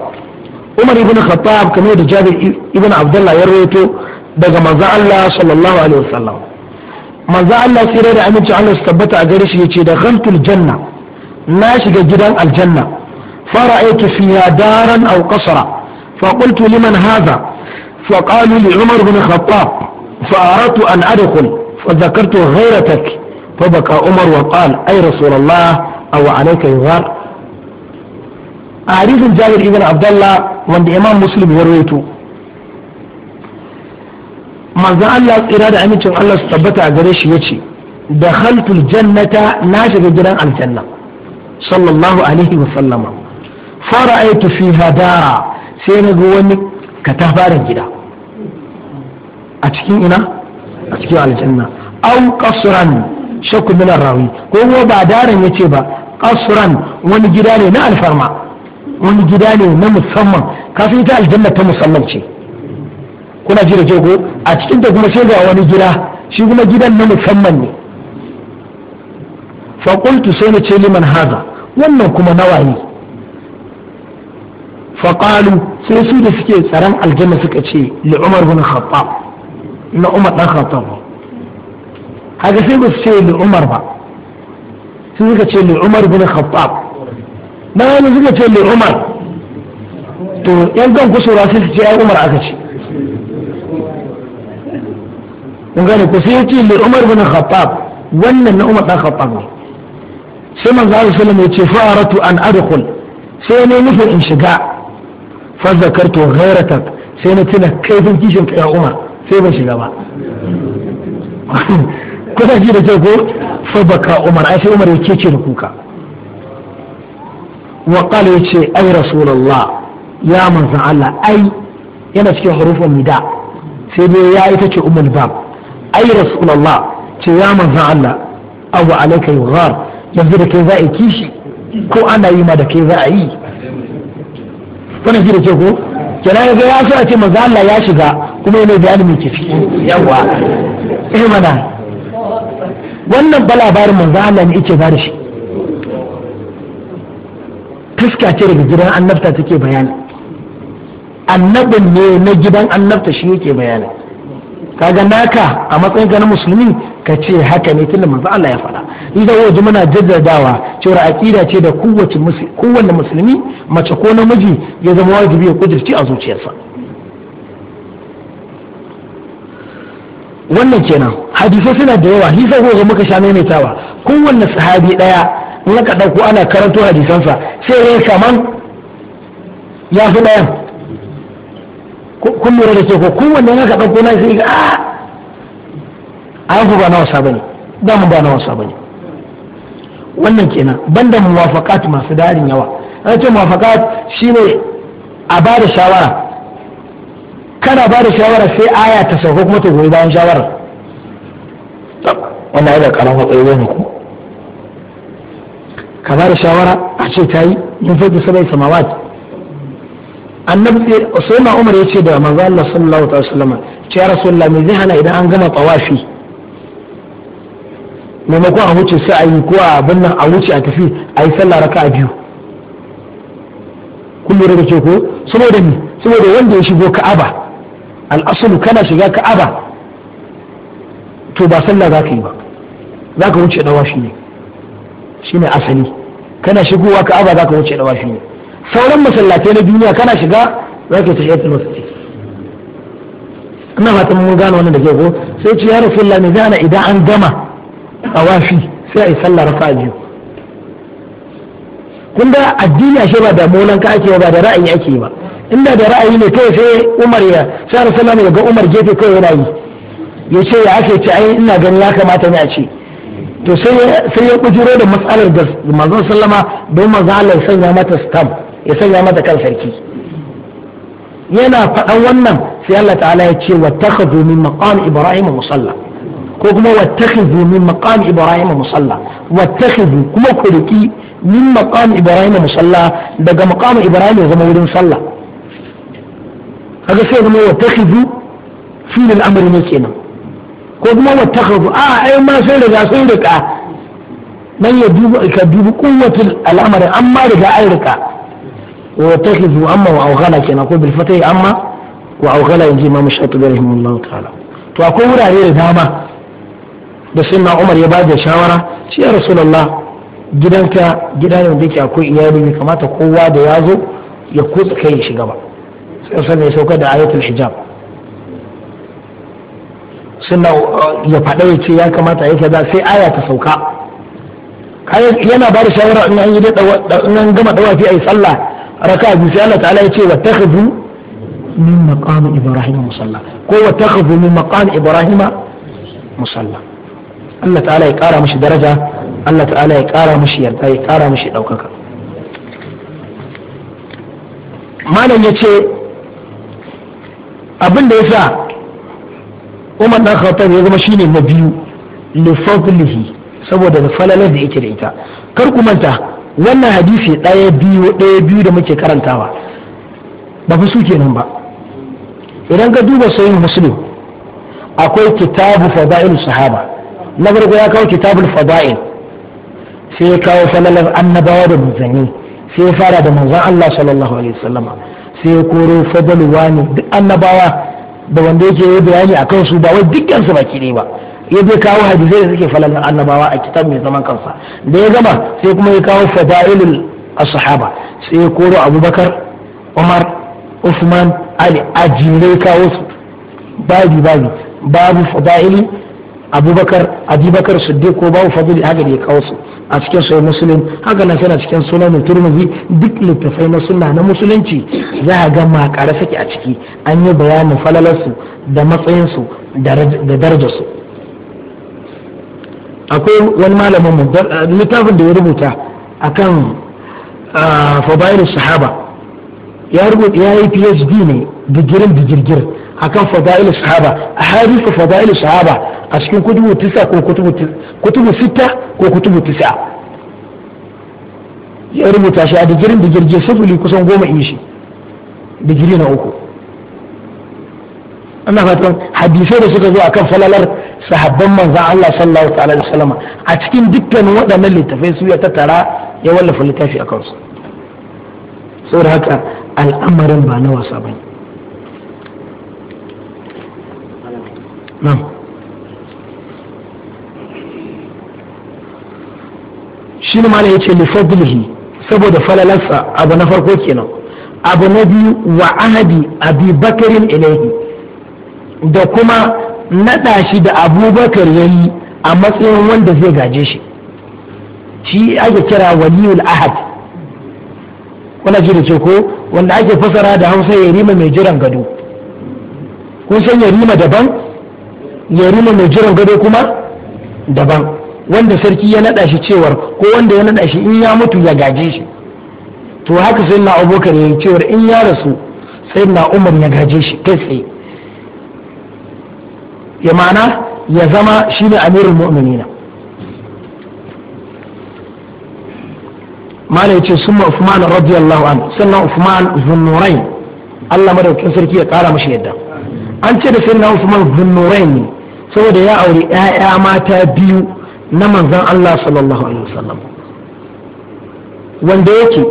Umar ibn Khattab kamar da Jabir ibn Abdullah ya rawaito daga manzon Allah sallallahu alaihi wasallam manzon Allah sai da aminci Allah su tabbata a gare shi yace da ghantul janna na shiga gidan aljanna fara'aytu fiha daran aw qasra fa qultu liman hadha fa qalu umar bin khattab fa aradtu an adkhul fa dhakartu ghayratak fa baka umar wa qala ay rasulullah aw alayka yughar hadisin jabir ibn abdullah wanda imam muslim ya rawaito manzon Allah tsira da amincin Allah su tabbata a gare shi Da dakhaltul jannata na shiga gidan aljanna sallallahu alaihi wa sallama fara'aitu fiha dara sai na ga wani katafaren gida a cikin ina a cikin aljanna au qasran shakku min rawi ko kuma ba daren yace ba qasran wani gida ne na alfarma wani gida ne na musamman kafin ta aljanna ta musamman ce kuna ji da a cikin ta kuma sai ga wani gida shi kuma gidan na musamman ne fa sai na ce haza wannan kuma nawa ne. faƙalu sai su da suke tsaron aljanna suka ce li umar bin khattab na umar dan khattab haka sai ba su ce li umar ba sai suka ce li umar bin khattab na wani suka ce li umar to yan kan kusura sai su ce ai umar aka ce kun gane ko sai ya ce li umar bin khattab wannan na umar dan khattab ne sai manzo Allah sallallahu alaihi ya ce fa'aratu an adkhul sai ne nufin in shiga fa zakartu ghairatak sai na tuna kaifin kishin ka ya Umar sai ban shiga ba (laughs) kuna ji ce ko fa baka Umar ai sai Umar ya kece da kuka wa qala yace ai rasulullah ya manzo Allah ai yana cikin hurufin nida sai dai ya ita ce ummul bab ai rasulullah ce ya manzo Allah abu alayka yughar yanzu da ke za a kishi ko ana yi ma da ke za a yi wannan shi da ke ko kenan ga ya so a ce maza Allah ya shiga kuma yana bayani ke kifi yawa eh mana wannan ba labarin manzo Allah ne yake bada shi fuska ce daga gidan annabta take bayani annabin ne na gidan annabta shi yake bayani kaga naka a matsayin ganin na musulmi ka ce haka ne tunda manzo Allah ya faɗa idan waje muna jaddadawa cewa aqida ce da kowace kowanne musulmi mace ko namiji ya zama wajibi ya kudirci a zuciyarsa wannan kenan hadisai suna da yawa hisa ko ga muka sha maimaitawa kowanne sahabi daya in aka dauko ana karanto hadisansa sai ya kaman ya fi dayan kun lura da ce ko kowanne in aka dauko na sai ga a ah! ai ba na wasa bane da mu ba na wasa bane wannan kenan banda muwafaqat masu darin yawa an ce muwafaqat shine a ba da shawara kana ba da shawara sai aya ta sauko kuma ta goyi bayan shawarar wannan yana karan matsayi ne ku ka ba da shawara a ce ta yi In min fage sabai samawat annabi sai na umar ya ce da manzo Allah sallallahu alaihi wasallam ce ya rasulullah me zai hana idan an gama tawafi maimakon a wuce sai a yi ko a abin nan a wuce a tafi a yi sallah raka a biyu kun lura da ke ko saboda ni saboda wanda ya shigo ka'aba al'asulu kana shiga ka'aba to ba sallah za ka yi ba za ka wuce dawa shi ne shi ne asali kana shigowa ka'aba za ka wuce dawa shi ne sauran masallatai na duniya kana shiga za ka yi tafiyatul masjid ina fatan mun gane wannan da ke ko sai ce ya rasulullah me zana idan an gama tawafi sai a yi sallah biyu kun addini ashe ba da molan ka ake ba da ra'ayi ake ba inda da ra'ayi ne kai sai Umar ya sai Rasulullah ne ga Umar gefe kai yana yi ya ce ya ake ce ai ina ganin ya kamata ne a ce to sai ya kujiro da matsalar da manzon sallama don manzon Allah ya sanya mata stamp ya sanya mata kan sarki yana faɗan wannan sai Allah ta'ala ya ce wa domin min maqam ibrahim musalla ko kuma wattakhidhu min maqam ibrahim musalla wattakhidhu kuma ku riki min maqam ibrahim musalla daga maqam ibrahim ya zama wurin sallah kaga sai zama wattakhidhu fi al-amr ne kenan ko kuma wattakhidhu a ai ma sai daga sai rika dan ya dubu ka dubu quwwatul al-amr amma daga ai rika wattakhidhu amma wa awghala kenan ko bil fatahi amma wa awghala inji imam shatibi rahimahullahu ta'ala to akwai wurare da dama da sunna umar ya bada shawara shi ya rasulullah gidanka gida ne wanda yake akwai iyali ne kamata kowa da ya zo ya kutsa kai ya shiga ba sai sannan ya sauka da ayatul hijab suna ya faɗa ya ce ya kamata ya kaza sai aya ta sauka yana ba da shawara in an yi in an gama dawafi ayi sallah raka biyu sai Allah ta'ala ya ce wa takhudhu min maqam ibrahim musalla ko wa takhudhu min maqam ibrahim musalla Allah ta'ala ya kara mishi daraja Allah ta'ala ya kara mishi yarda ya kara mishi ɗaukaka malam ya ce abin da ya sa umar dan khattab ya zama shine na biyu li fadlihi saboda falalar da yake da ita kar ku manta wannan hadisi ɗaya biyu ɗaya biyu da muke karantawa ba fi su kenan ba idan ka duba sayin muslim akwai kitabu fada'il sahaba na farko ya kawo kitabul fada'il sai ya kawo falalar annabawa da manzanni sai ya fara da manzon Allah sallallahu alaihi wasallama sai ya koro Fadal wani duk annabawa da wanda yake yi bayani a kansu ba wai dukkan su baki ne ba ya bai kawo hadisai da suke falalar annabawa a kitab mai zaman kansa da ya gama sai kuma ya kawo fada'ilul ashaba sai ya koro abubakar umar usman ali ajirai kawo su babi babi babu fada'ili abubakar abubakar siddiq ko babu fadli haka da ya kawo su a cikin sahih musulun haka nan suna cikin sunan turmizi duk littafai na sunna na musulunci za a ga makare saki a ciki an yi bayanin falalarsu da matsayinsu da darajarsu akwai wani malamin mu littafin da ya rubuta akan fadailu sahaba ya rubuta ya yi phd ne digirin digirgir akan fada'il sahaba ahadith fada'il sahaba a cikin kutubu tisa ko kutubu sita ko kutubu tisa ya rubuta shi a digirin digirje sifili kusan goma in shi digiri na uku ana fatan hadisai da suka zo akan falalar sahabban manzan Allah sallallahu ta'ala da salama a cikin dukkanin waɗannan littafai su ya tattara ya wallafa littafi a kansu saboda haka al'amarin ba na wasa bane shi ne malam yace li fadlihi saboda falalarsa abu na farko kenan abu na biyu wa ahadi abi bakarin ilaihi da kuma naɗa shi da abubakar ya yi a matsayin wanda zai gaje shi shi ake kira waliyul ahad kuna ji da ko wanda ake fasara da hausa ya rima mai jiran gado kun san ya rima daban yarima mai jiran gado kuma daban wanda sarki ya naɗa shi cewar ko wanda ya naɗa shi in ya mutu ya gaje shi to haka sai na abokan ya cewar in ya rasu sai na umar ya gaje shi kai tsaye ya ma'ana ya zama shi ne amirin mu'minina ya ce summa Uthman radiyallahu an sannan Uthman zunurai Allah madaukin sarki ya kara mashi yadda an ce da na usman zunnurain saboda ya auri 'ya'ya mata biyu na manzan Allah sallallahu alaihi wasallam wanda yake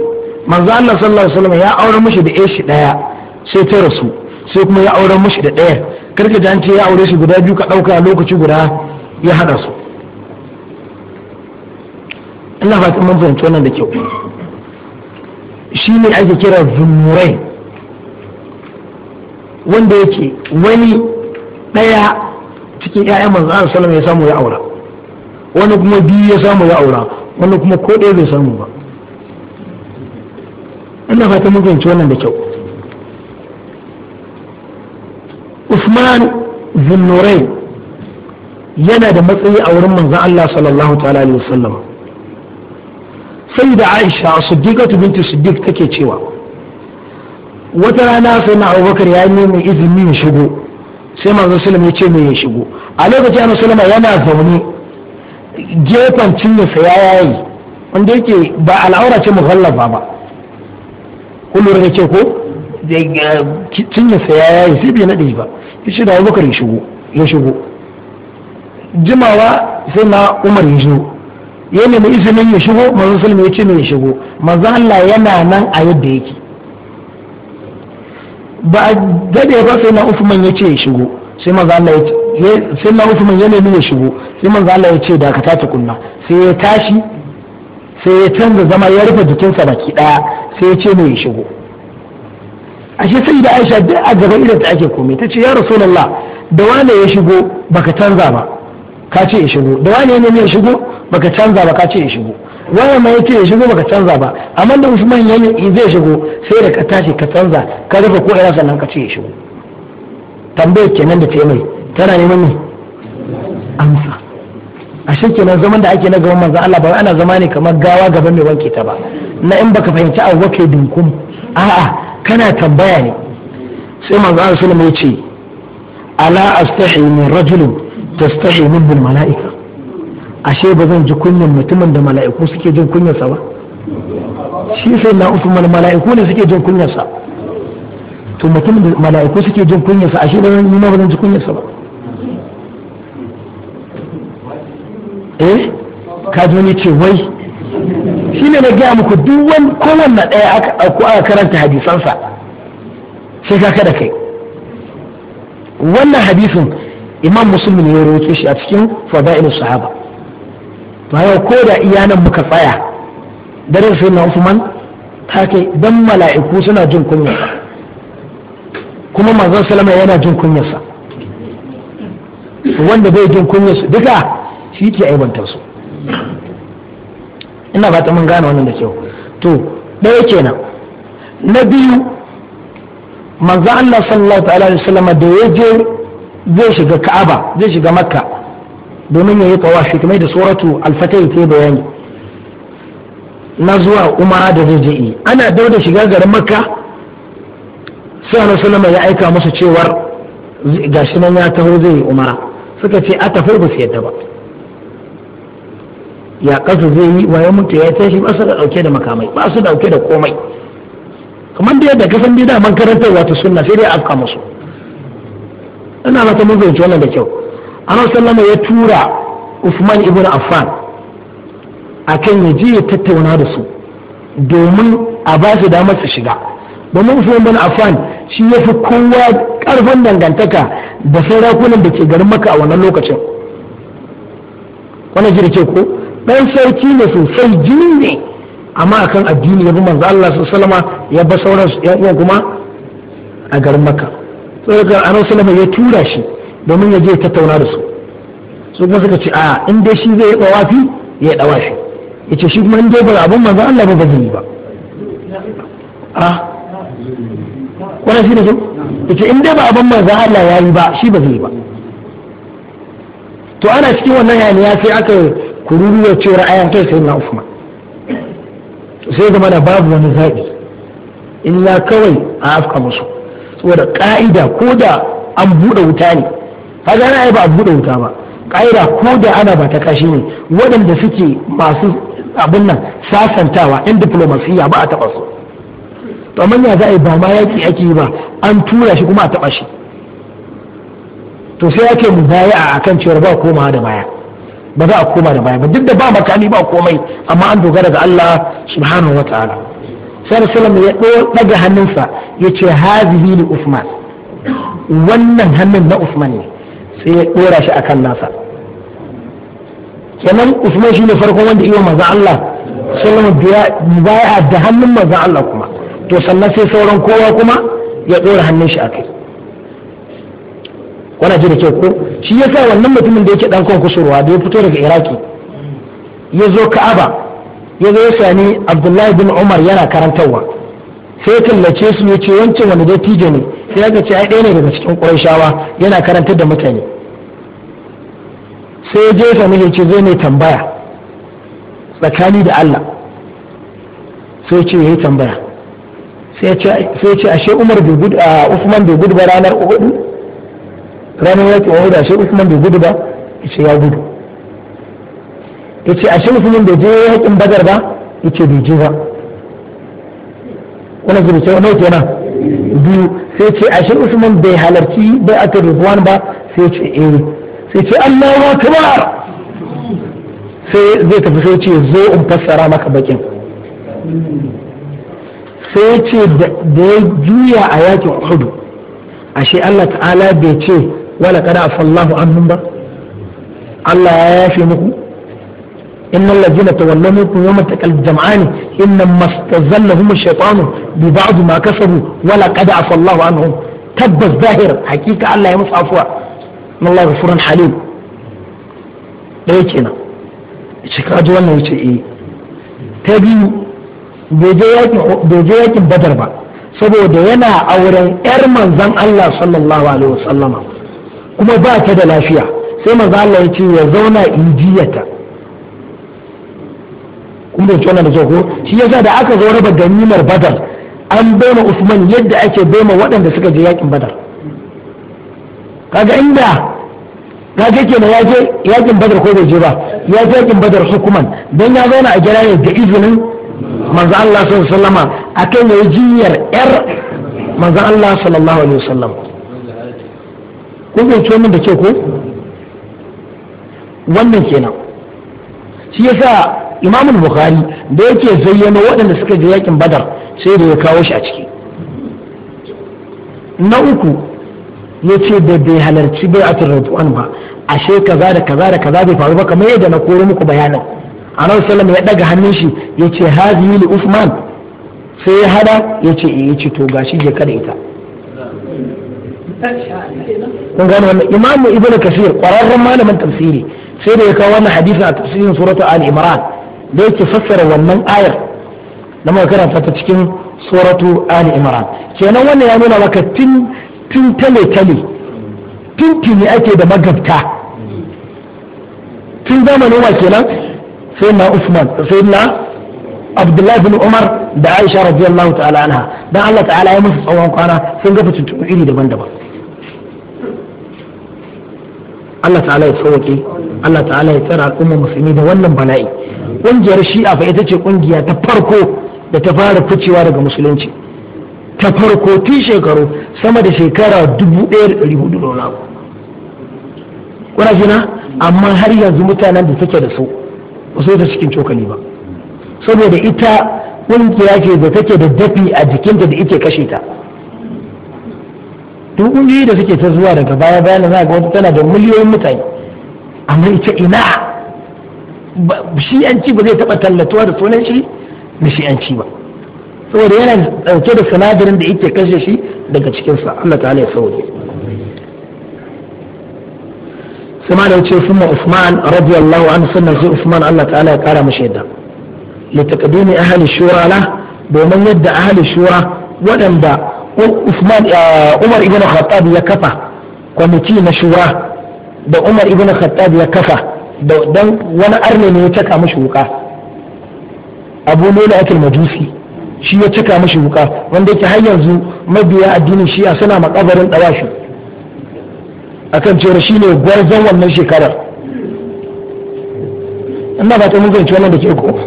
manzan Allah sallallahu alaihi wasallam ya aure mishi da shi daya sai ta rasu sai kuma ya aure mishi da daya karka ji an ce ya aure shi guda biyu ka dauka lokaci guda ya hada su ina fatan mun fahimci wannan da kyau shi ne ake kira zunnurai wanda yake wani ɗaya cikin 'ya'yan manzo Allah sallallahu ya samu ya aura wani kuma biyu ya samu ya aura wani kuma ko ɗaya bai samu ba ina fata mun fahimci wannan da kyau Usman Zunnurai yana da matsayi a wurin manzon Allah sallallahu ta'ala alaihi wasallam sai da Aisha Siddiqatu binti Siddiq take cewa wata rana sai na abubakar ya yi mai izini ya shigo sai manzo sulama ya ce mai ya shigo a lokaci ana sulama yana zaune gefen cinyarsa ya yayi wanda yake ba al'aura ce mughallafa ba kullum da ke ko cinyarsa ya yayi sai bai nade ba ya ce da abubakar ya shigo ya shigo jimawa sai na umar ya shigo ya nemi izinin ya shigo manzo sulama ya ce mai ya shigo manzo Allah yana nan a yadda yake ba a dade ba sai na Usman ya ce ya shigo sai manzo Allah ya sai na Usman ya nemi ya shigo sai manzo Allah ya ce da aka tace kunna sai ya tashi sai ya canza zama ya rufe jikinsa baki daya sai ya ce mai ya shigo ashe sai da Aisha da a gaban idan ta ake komai tace ya Rasulullah da wane ya shigo baka canza ba ka ce ya shigo da wane ne ya shigo baka canza ba ka ce ya shigo ma mai yace ya shigo baka canza ba amma da Usman ya zai shigo sai da ka tashi ka canza ka rufe ko ina sannan ka ce ya shigo tambayar kenan da ce mai tana neman ne amsa a shi kenan zaman da ake na gaban manzan Allah ba ana zama ne kamar gawa gaban mai wanke ta ba na in baka fahimci abu ba kai dinkum a'a kana tambaya ne sai manzan Allah sallallahu alaihi wasallam ya ce ala astahi min rajulin tastahi min bil mala'ika ashe ba zan ji kunyan mutumin da mala'iku suke jin kunyarsa ba shi sai na usman mala'iku ne suke jin kunyarsa to mutumin da mala'iku suke jin kunyarsa ashe ba zan nuna ba zan ji kunyarsa ba eh ka zo ne ce wai shi ne na gaya muku duwan wani kowanne ɗaya aka karanta hadisansa sai ka kada kai wannan hadisin imam musulmi ne ya roƙe shi a cikin fada'ilu sahaba to yau ko da iyanan muka tsaya dare sai na Usman ta kai dan mala'iku suna jin kunyarsa kuma manzon salama yana jin kunyarsa wanda bai jin kunyarsa duka shi ke aibantar su ina ta mun gane wannan da kyau to ɗaya kenan na biyu manzo Allah sallallahu alaihi wasallam da ya je zai shiga Ka'aba zai shiga Makka domin ya yi tawafi kamar da suratu alfatai yi bayani na zuwa umara da zai ana dauda shiga garin makka sai annabi sallama ya aika musu cewar gashi nan ya taho zai yi umara suka ce a tafi ba su yadda ba ya kasu zai yi waye mutu ya tashi ba su da dauke da makamai ba su dauke da komai kamar da yadda kasan dai da man karantarwa ta sunna sai dai afka musu ina mata mun zai wannan da kyau annabi sallama ya tura Usman ibn Affan akan ya je ya tattauna da su domin a ba su damar su shiga domin Usman ibn Affan shi ya fi kowa karfin dangantaka da sarakunan da ke garin maka a wannan lokacin wannan jira ce ko ɗan sarki ne sosai jini ne amma akan addini ya bi manzo Allah sallama ya ba sauran su uwa kuma a garin maka sai ga annabi ya tura shi domin ya je tattauna da su su kuma suka ce a in dai shi zai yi dawafi ya dawa shi ya ce shi kuma in dai ba abin manzo Allah ba zai yi ba a kwanan shi da su ya ce in dai ba abin manzo Allah ya yi ba shi ba zai yi ba to ana cikin wannan ya sai aka kururuwa ce ra'ayan kai sai na Uthman sai zama da babu wani zaɓi illa kawai a afka musu saboda ka'ida ko da an buɗe wuta ne kaga yana yi ba a buɗe wuta ba ƙaira ko da ana ba ta kashi ne waɗanda suke masu abin nan sasantawa yan diplomasiya ba a taɓa su to amma ya za a yi ba ma yaƙi ake yi ba an tura shi kuma a taɓa shi to sai ake mu baya a kan cewar ba komawa da baya ba za a koma da baya ba duk da ba makami ba komai amma an dogara ga Allah subhanahu wa ta'ala sai Rasulullah ya ɗaga hannunsa ya ce hazihi li Usman wannan hannun na Usman ne sai ya ɗora shi akan nasa kenan usman ne farkon wanda iya maza Allah sallallahu alaihi baya da hannun maza Allah kuma to sannan sai sauran kowa kuma ya ɗora hannun shi akai wannan ji da ke ko shi yasa wannan mutumin da yake dan kan kusurwa da ya fito daga iraki ya zo ka'aba ya zo ya sami abdullahi bin umar yana karantarwa sai ya tallace su ya ce wancan wani dattijo ne sai aka ce ai ɗaya ne daga cikin ƙurashawa yana karantar da mutane sai ya jefa sami ce zai mai tambaya tsakani da Allah sai ce yayi tambaya sai ce ashe Umar bai gudu a Usman bai gudu ba ranar Uhud ranar yaki Uhud ashe Usman bai gudu ba ya ce ya gudu ya ce ashe Usman bai je haƙin bazar ba ce bai je ba wannan ce sai nawa kenan biyu sai ce ashe usman bai halarci bai aka rizwan ba sai ce eh sai ce allahu akbar sai zai tafi sai ce zo in fassara maka bakin sai ce da ya juya a yakin uhud ashe Allah ta'ala bai ce wala kada fallahu annun ba Allah ya yafe muku إن الذين تولوا منكم يوم التقى الجمعان إنما استزلهم الشيطان ببعض ما كسبوا ولقد عفى الله عنهم تبس ظاهر حقيقة الله يمس عفوا إن الله غفور حليم ɗaya kenan ce ka wannan wuce eh ta biyu bai je yakin badar ba saboda yana auren yar manzan Allah sallallahu alaihi wasallama kuma ba ta da lafiya sai manzan ya ce ya zauna kun bai wannan da ko shi yasa da aka zo raba ganimar badar an bema usman yadda ake bema waɗanda suka je yakin badar kaga inda kaga kenan ya je yakin badar ko bai je ba ya je yakin badar hukuman dan ya zauna a gida ne da izinin manzo Allah sallallahu alaihi wasallama akan yayi jiyar yar manzo Allah sallallahu alaihi wasallam kun bai wannan da ke ko wannan kenan shi yasa imam bukhari da yake zayyano waɗanda suka je yakin badar sai da ya kawo shi a ciki na uku ya ce da bai halarci bai a turatuwan ba a ashe kaza da kaza da kaza bai faru ba kamar yadda na koro muku bayanin annabi sallam ya daga hannun shi ya ce hazihi li usman sai ya hada ya ce eh, ya ce to gashi je kada ita kun gane wannan imamu ibnu kasir kwararren malamin tafsiri sai da ya kawo wannan hadisin a tafsirin suratu al-imran da yake fassara wannan ayar na muka karanta ta cikin suratu ali imran kenan wannan ya nuna maka tun tun tale tale tun tuni ake da magabta tun zamanin wa kenan sai na usman sai na abdullahi bin umar da aisha radiyallahu ta'ala anha dan Allah ta'ala ya musu tsawon kwana sun ga fitintu iri daban-daban Allah ta'ala ya sauke Allah ta'ala ya tsara al'ummar musulmi da wannan bala'i ƙungiyar shi'a fa ita ce ƙungiya ta farko da ta fara ficewa daga musulunci ta farko tun shekaru sama da shekara dubu ɗaya da ɗari hudu kuna jina amma har yanzu mutanen da take da su ba su ta cikin cokali ba saboda ita ƙungiya ce da take da dafi a jikinta da ita kashe ta duk kungiyoyi da suke ta zuwa daga baya bayan za ga wata tana da miliyoyin mutane amma ita ina shi'anci ba zai taɓa tallatuwa da sunan shi da shi'anci ba saboda yana ɗauke da sinadarin da yake kashe shi daga cikin sa Allah ta'ala ya saurare kuma da yace sunna Usman radiyallahu anhu sunna sai Usman Allah ta'ala ya kara mashi yadda li taqdimi ahli shura la domin yadda ahli shura waɗanda Usman Umar ibn Khattab ya kafa kwamiti na shura da Umar ibn Khattab ya kafa da wani arne ne ya caka mashi wuka abu ne da akil majusi shi ya cika mashi wuka wanda yake har yanzu mabiya addinin shiya suna makabarin dawashi akan cewa shi ne gwarzon wannan shekarar ina ba ta mun zance wannan da ke ko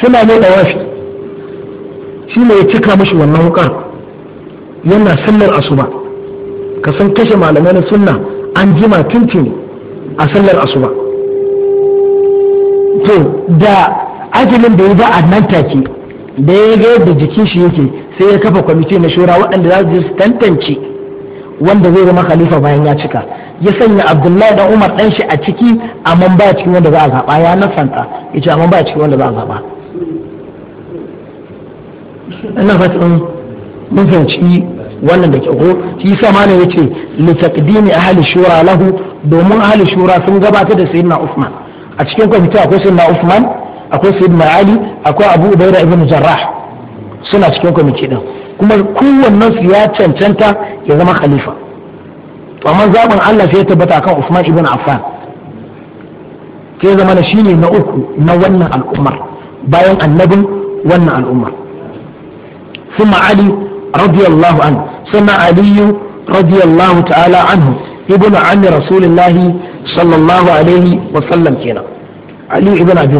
suna mai dawashi shi ne ya cika mashi wannan wuka yana sallar asuba ka san kashe malamai na sunna an jima tuntuni a sallar asuba to da ajalin da ya ba a nan take da ya ga yadda jikin shi yake sai ya kafa kwamiti na shura waɗanda za su su tantance wanda zai zama khalifa bayan ya cika ya sanya abdullahi dan umar dan shi a ciki amma ba a cikin wanda za a zaɓa ya nasanta ya ce amma ba a cikin wanda za a zaɓa ina fatan mun fahimci wannan da ke ko shi yasa malam yace li taqdimi ahli shura lahu domin ahli shura sun gabatar da sayyidina Uthman a cikin kwamiti akwai sayyidina Uthman akwai sayyidina Ali akwai Abu Ubaida ibn Jarrah suna cikin kwamiti din kuma kowannen su ya cancanta ya zama khalifa to amma zaben Allah sai ya tabbata kan Uthman ibn Affan sai zama na shine na uku na wannan al'ummar bayan annabin wannan al'ummar ثم علي radiyallahu an sannan aliyu radiyallahu ta'ala anhu ibnu ammi rasulillahi alaihi wa sallam kenan aliyu ibn abi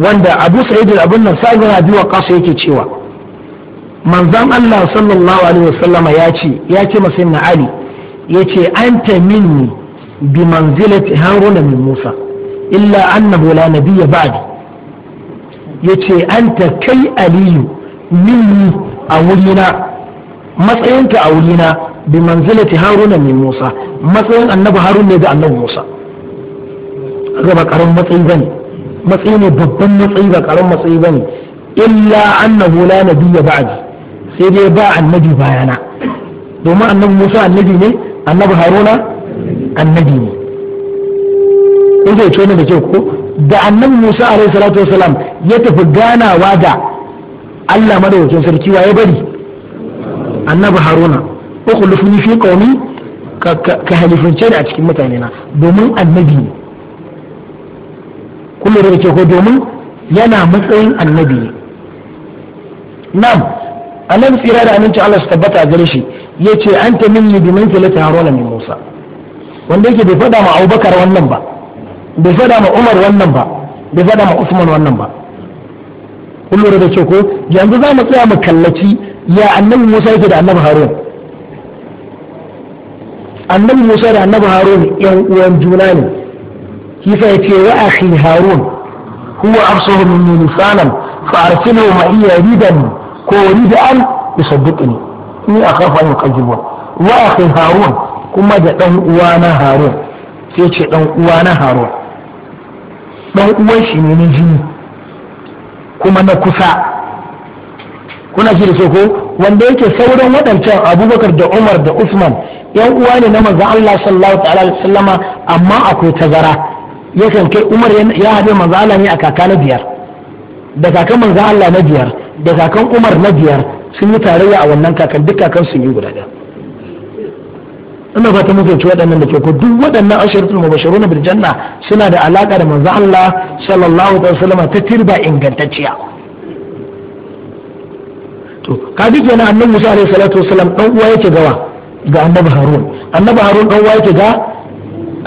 wanda abu sa'id abun nan sa'id ibn abi waqas yake cewa manzon Allah sallallahu alaihi wa sallama ya ce ya ali yace anta minni bi manzilati haruna min musa illa annahu la nabiyya ba'di yace ta kai aliyu minni a wurina matsayinka a wurina bi manzilati haruna min musa matsayin annabi harun ne ga annabi musa gaba karamin matsayi bane matsayi ne babban matsayi ba karamin matsayi bane illa annahu la nabiyya ba'di sai dai ba annabi bayana domin annabi musa annabi ne annabi haruna annabi ne kun zai ne da kyau ko da annabi musa alaihi salatu wasalam ya tafi ganawa da Allah madawacin sarki wa ya bari annabi haruna ukhlifni fi qaumi ka halifance da a cikin mutane na domin annabi ne da ko domin yana matsayin annabi ne nam annabi tsira da aminci Allah su tabbata a gare shi ya ce an minni bi man filata haruna min musa wanda yake bai fada ma abubakar wannan ba bai faɗa ma umar wannan ba bai faɗa ma usman wannan ba kun lura da ce ko yanzu za mu tsaya mu kallaci ya annabi Musa yake da annabi Harun annabi Musa da annabi Harun yan uwan juna ne kisa yace wa akhi Harun huwa afsahu minni lisanan fa arsilhu ma iya ridan ko ridan yusaddiqni ni akhafu an yukazzibun wa akhi Harun kuma da dan uwana Harun sai ce dan uwana Harun dan uwan shi ne na jini kuma na kusa kuna shi da ko wanda yake sauran waɗancan abubakar da umar da usman yan uwa ne na manzon allah sallallahu ta'ala sallama amma akwai tazara yakan kai umar ya haɗe maza allah ne a kaka na biyar da kakan manza allah na biyar da kakan umar na biyar sun yi tarayya a wannan kakan duk kakan sun yi guda ɗaya ina fata mun fahimci waɗannan da ke ko duk waɗannan asharatul mubashiruna bil janna suna da alaka da manzo Allah sallallahu alaihi wasallam ta tirba ingantacciya to kaji kenan annabi Musa alaihi salatu wasallam dan uwa yake gawa ga annabi Harun annabi Harun dan uwa yake ga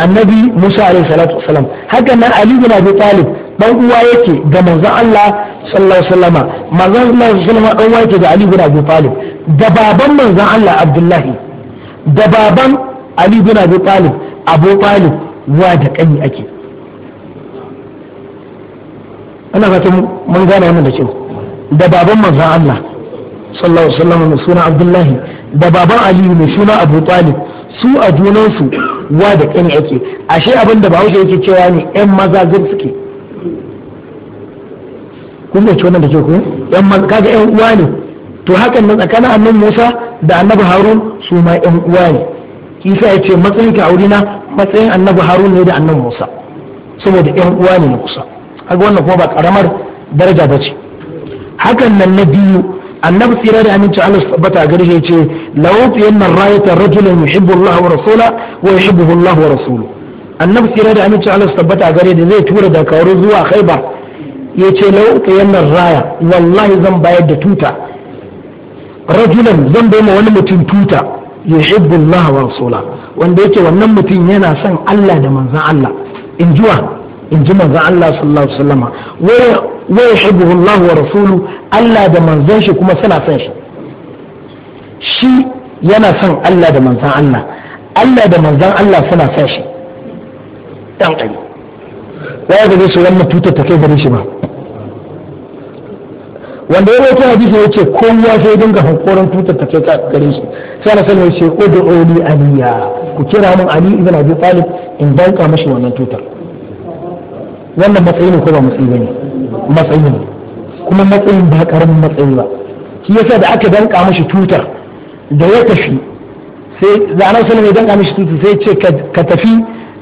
annabi Musa alaihi salatu wasallam haka nan Ali bin Abi Talib dan uwa yake ga manzo Allah sallallahu alaihi wasallam manzo Allah sallallahu alaihi wasallam dan uwa yake ga Ali bin Abi Talib da baban manzo Allah Abdullahi da baban ali bin Abi talib abu talib wa da kani ake ana ga mun gane wannan da cewa da baban manzon Allah sallallahu alaihi wasallam mai suna Abdullahi da baban Ali mai suna Abu Talib su a junansu wa da kani ake ashe abin da Bahaushe yake cewa ne yan maza zir suke kun da wannan da ke ku yan maza kaga ƴan uwa ne to hakan na tsakanin annabi Musa da annabi Harun su ma ƴan uwa ne kisa ya ce matsayin ka aurina matsayin annabi Harun ne da annabi Musa saboda ƴan uwa ne na kusa kaga wannan kuma ba karamar daraja bace hakan nan na biyu annabi tsira da aminci Allah su tabbata a gare shi ce lawatu yanna rayata rajulan yuhibbu Allah wa rasula wa yuhibbuhu Allah wa rasulu annabi tsira da aminci Allah su tabbata a gare da zai tura da kawo zuwa Khaibar yace lawatu yanna raya wallahi zan bayar da tuta rajulan zan bai ma wani mutum tuta yuhibbu Allah wa rasula wanda yake wannan mutum yana son Allah da manzon Allah in jiwa ji manzon Allah sallallahu alaihi wasallam wa yuhibbu Allah wa rasulu Allah da manzon shi kuma suna son shi yana son Allah da manzon Allah Allah da manzon Allah suna son shi su wannan tuta take gare shi ba wanda ya wata hadisi ya ce kowa sai dinga hankoran tutar ta ta gare shi sai na sallama ce da oli aliya ku kira mun ali ibn abi talib in banka mashi wannan tutar wannan matsayi ne ko ba matsayi bane matsayi ne kuma matsayin ba karamin matsayi ba shi yasa da aka danka mashi tutar da ya tafi sai da ana sallama ya danka mashi tutar sai ce ka tafi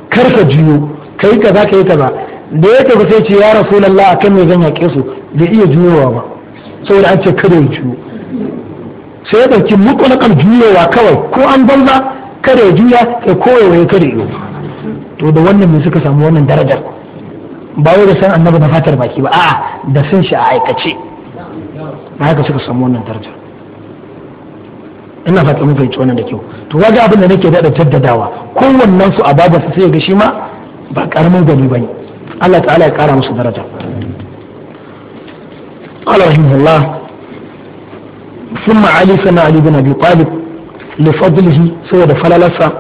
kar ka jiyo kai kaza kai kaza da ya tafi sai ce ya rasulullahi akan me zan yake su da iya jiyowa ba saboda an ce kada ya juyo sai ya ɗauki mutulakan juyowa kawai ko an banza kada ya juya ya koyewa ya kada ya to da wannan ne suka samu wannan darajar ba wai da san annabi na fatar baki ba a'a da sun shi a aikace ba haka suka samu wannan darajar ina fata mun fahimci wannan da kyau to waje abin da nake dada jaddadawa kowannen su a babarsa sai ga shi ma ba karamin gani bane Allah ta'ala ya kara musu daraja قال رحمه الله ثم علي سنا علي بن ابي طالب لفضله سيد فللسا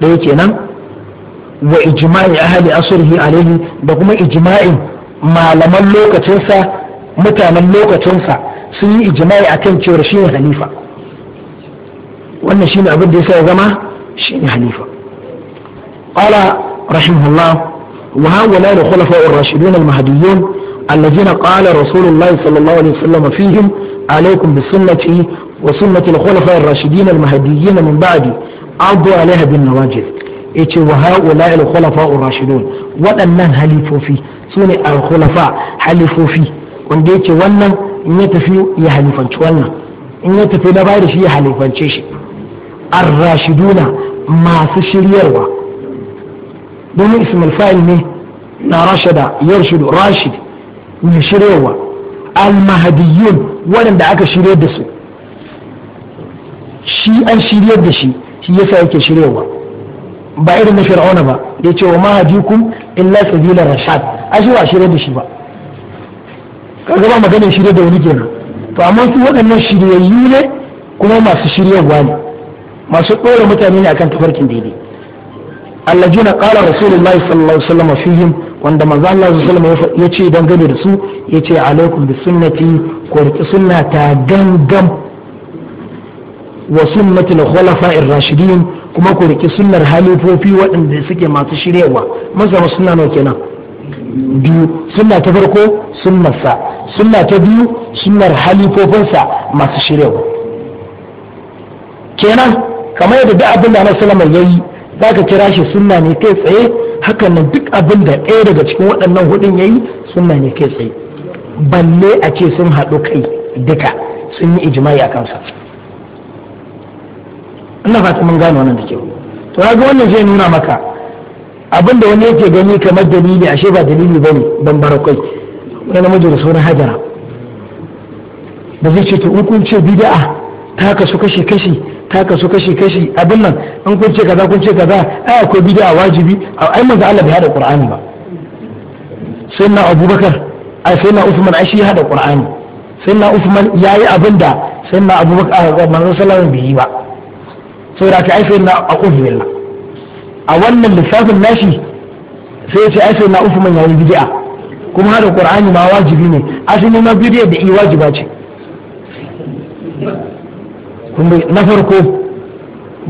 da yake nan wa ijma'i ahli asrihi alaihi da kuma ijma'in malaman lokacinsa mutanen lokacinsa sun yi ijma'i akan cewar shi ne halifa wannan shine abin da yasa ya zama shi ne rahimahullah wa hawala khulafa ar-rashidun al الذين قال رسول الله صلى الله عليه وسلم فيهم عليكم بسنتي وسنة الخلفاء الراشدين المهديين من بعدي أرضوا عليها بالنواجذ إيش وهؤلاء الخلفاء الراشدون وأنهم هلفوا فيه سنة الخلفاء هلفوا فيه ونديك وانا إن يتفيو يهلفان شوانا إن يتفي لبايرش يهلفان شيش الراشدون ما سشريروا دون اسم الفاعل مي نرشد يرشد راشد mai shiryawa almahadiyun waɗanda aka shirya da su shi an shiryar da shi shi yasa yake shiryarwa ba irin na fir'auna ba ya ce wa mahadikum illa sabila rashad a shi ba shirya da shi ba kaga ba maganar shirya da wani kenan to amma su waɗannan shiryayyu ne kuma masu shiryarwa ne masu ɗora mutane ne akan tafarkin daidai allajina qala rasulullahi sallallahu alaihi wasallam fihim wanda manzo Allah sallallahu alaihi ya ce dangane da su yace alaikum bi sunnati ko riki sunna ta gangam wa sunnatul khulafa'ir rashidin kuma ku riki sunnar halifofi waɗanda suke masu shirewa maza sunna nawa kenan biyu sunna ta farko sunnarsa sunna ta biyu sunnar halifofinsa masu shirewa kenan kamar yadda duk abin da Allah sallallahu alaihi wasallam yayi zaka kira shi sunna ne kai tsaye haka nan duk abin da ɗaya daga cikin waɗannan hudun ya yi sunna ne kai tsaye balle a ce sun haɗu kai duka sun yi ijimai a kansa ina fata mun gane wannan da kyau to ga wannan zai nuna maka abin da wani yake gani kamar dalili ashe ba dalili ne ban barakwai wani namiji da sauran hajara ba zai ce to in kun ce bid'a ta kasu kashi kashi ta kasu kashi kashi abin nan an kun ce kaza kun ce kaza ai akwai bid'a wajibi ai manzo Allah bai hada qur'ani ba Sai na abubakar ai sai na usman ai shi hada qur'ani na usman yayi abin da na abubakar ah, manzo sallallahu bai yi ba saboda ka ai sayyidina a'udhu billah a wannan lissafin nashi sai ya ce ai sai na usman yayi bid'a kuma hada qur'ani ma wajibi ne asali ma bid'a da i wajiba ce kuma na farko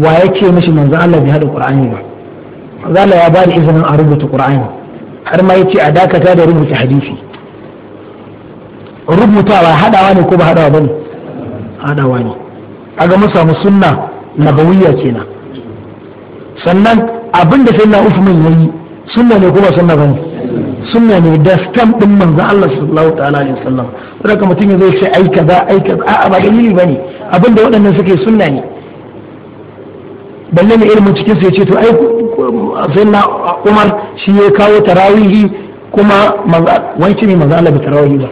wa ya ce mishi manzan Allah bai haɗa qur'ani ba manzo Allah ya bada izinin a rubuta qur'ani har ma ya ce a dakata da rubuta hadisi rubutawa haɗawa ne ko ba haɗawa ba ne? Haɗawa ne A ga mun samu sunna nabawiyya kenan sannan abin da sayyidina Uthman yayi sunna ne ko ba sunna bane sunna ne da stamp din manzan Allah sallallahu ta'ala alaihi wasallam saboda mutum ya zo ya aika ai aika ai kaza a'a ba ne. abinda waɗannan suke sunna ne balle mai ilimin cikin su ya ce to ai sayyidina Umar shi ya kawo tarawihi kuma wancin ne manzo Allah tarawihi ba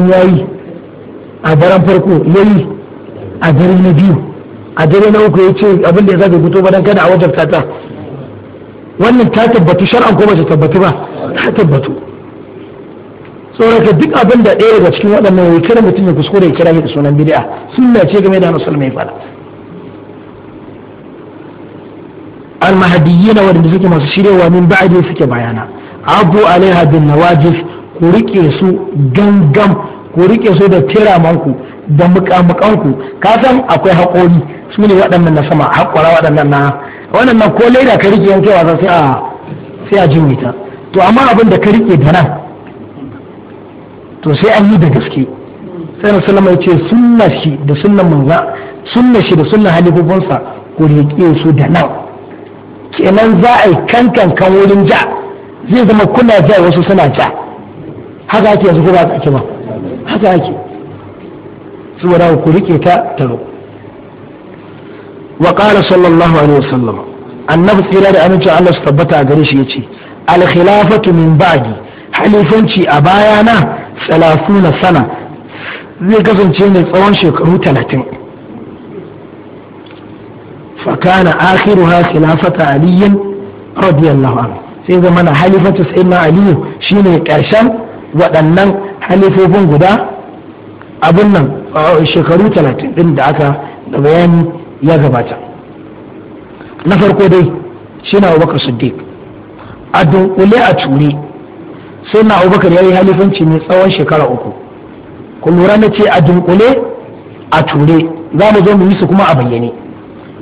bayan yi a daren farko ya yi a dare na biyu a dare na uku ya ce abinda ya zabe fito badan kada a wajen tata wannan ta tabbatu shar'an ko ba ta tabbatu ba ta tabbatu tsoraka duk abin da ɗaya daga cikin waɗannan wai kira mutum ya kuskure ya kira shi da sunan bid'a sunna ce game da Annabi mai fara al-mahdiyyina wanda suke masu shirewa min ba'di suke bayana abu alaiha bin nawajis ku rike su gangam ku rike su da tiramanku da mukamukanku ka san akwai haƙori su ne waɗannan na sama haƙora waɗannan na waɗannan ko leda ka rike yankewa sai a sai a to amma abin da ka rike da nan to sai an yi da gaske sai na sallama ya ce sunna shi da sunnan manza sunna shi da sunnan halifofinsa ku riƙe su da nan kenan za a yi kankan kan wurin ja zai zama kuna ja wasu suna ja haka ake yanzu ko ba ake ba haka ake saboda ku riƙe ta ta taro wa qala sallallahu alaihi wasallam annabi tsira da aminci Allah su tabbata a gare shi yace al khilafatu min ba'di halifanci a baya na. salasuna sana zai kasance mai tsawon shekaru talatin fakana akhiruha khilafata aliyin radiyallahu anhu sai zama na halifatu sayyidina aliyu shine karshen waɗannan halifofin guda abin nan shekaru talatin din da aka da bayani ya gabata na farko dai shine abubakar siddiq a dunkule a ture sai na abubakar ya yi halifanci mai tsawon shekara uku ku lura na ce a dunkule a ture za mu zo mu yi su kuma a bayyane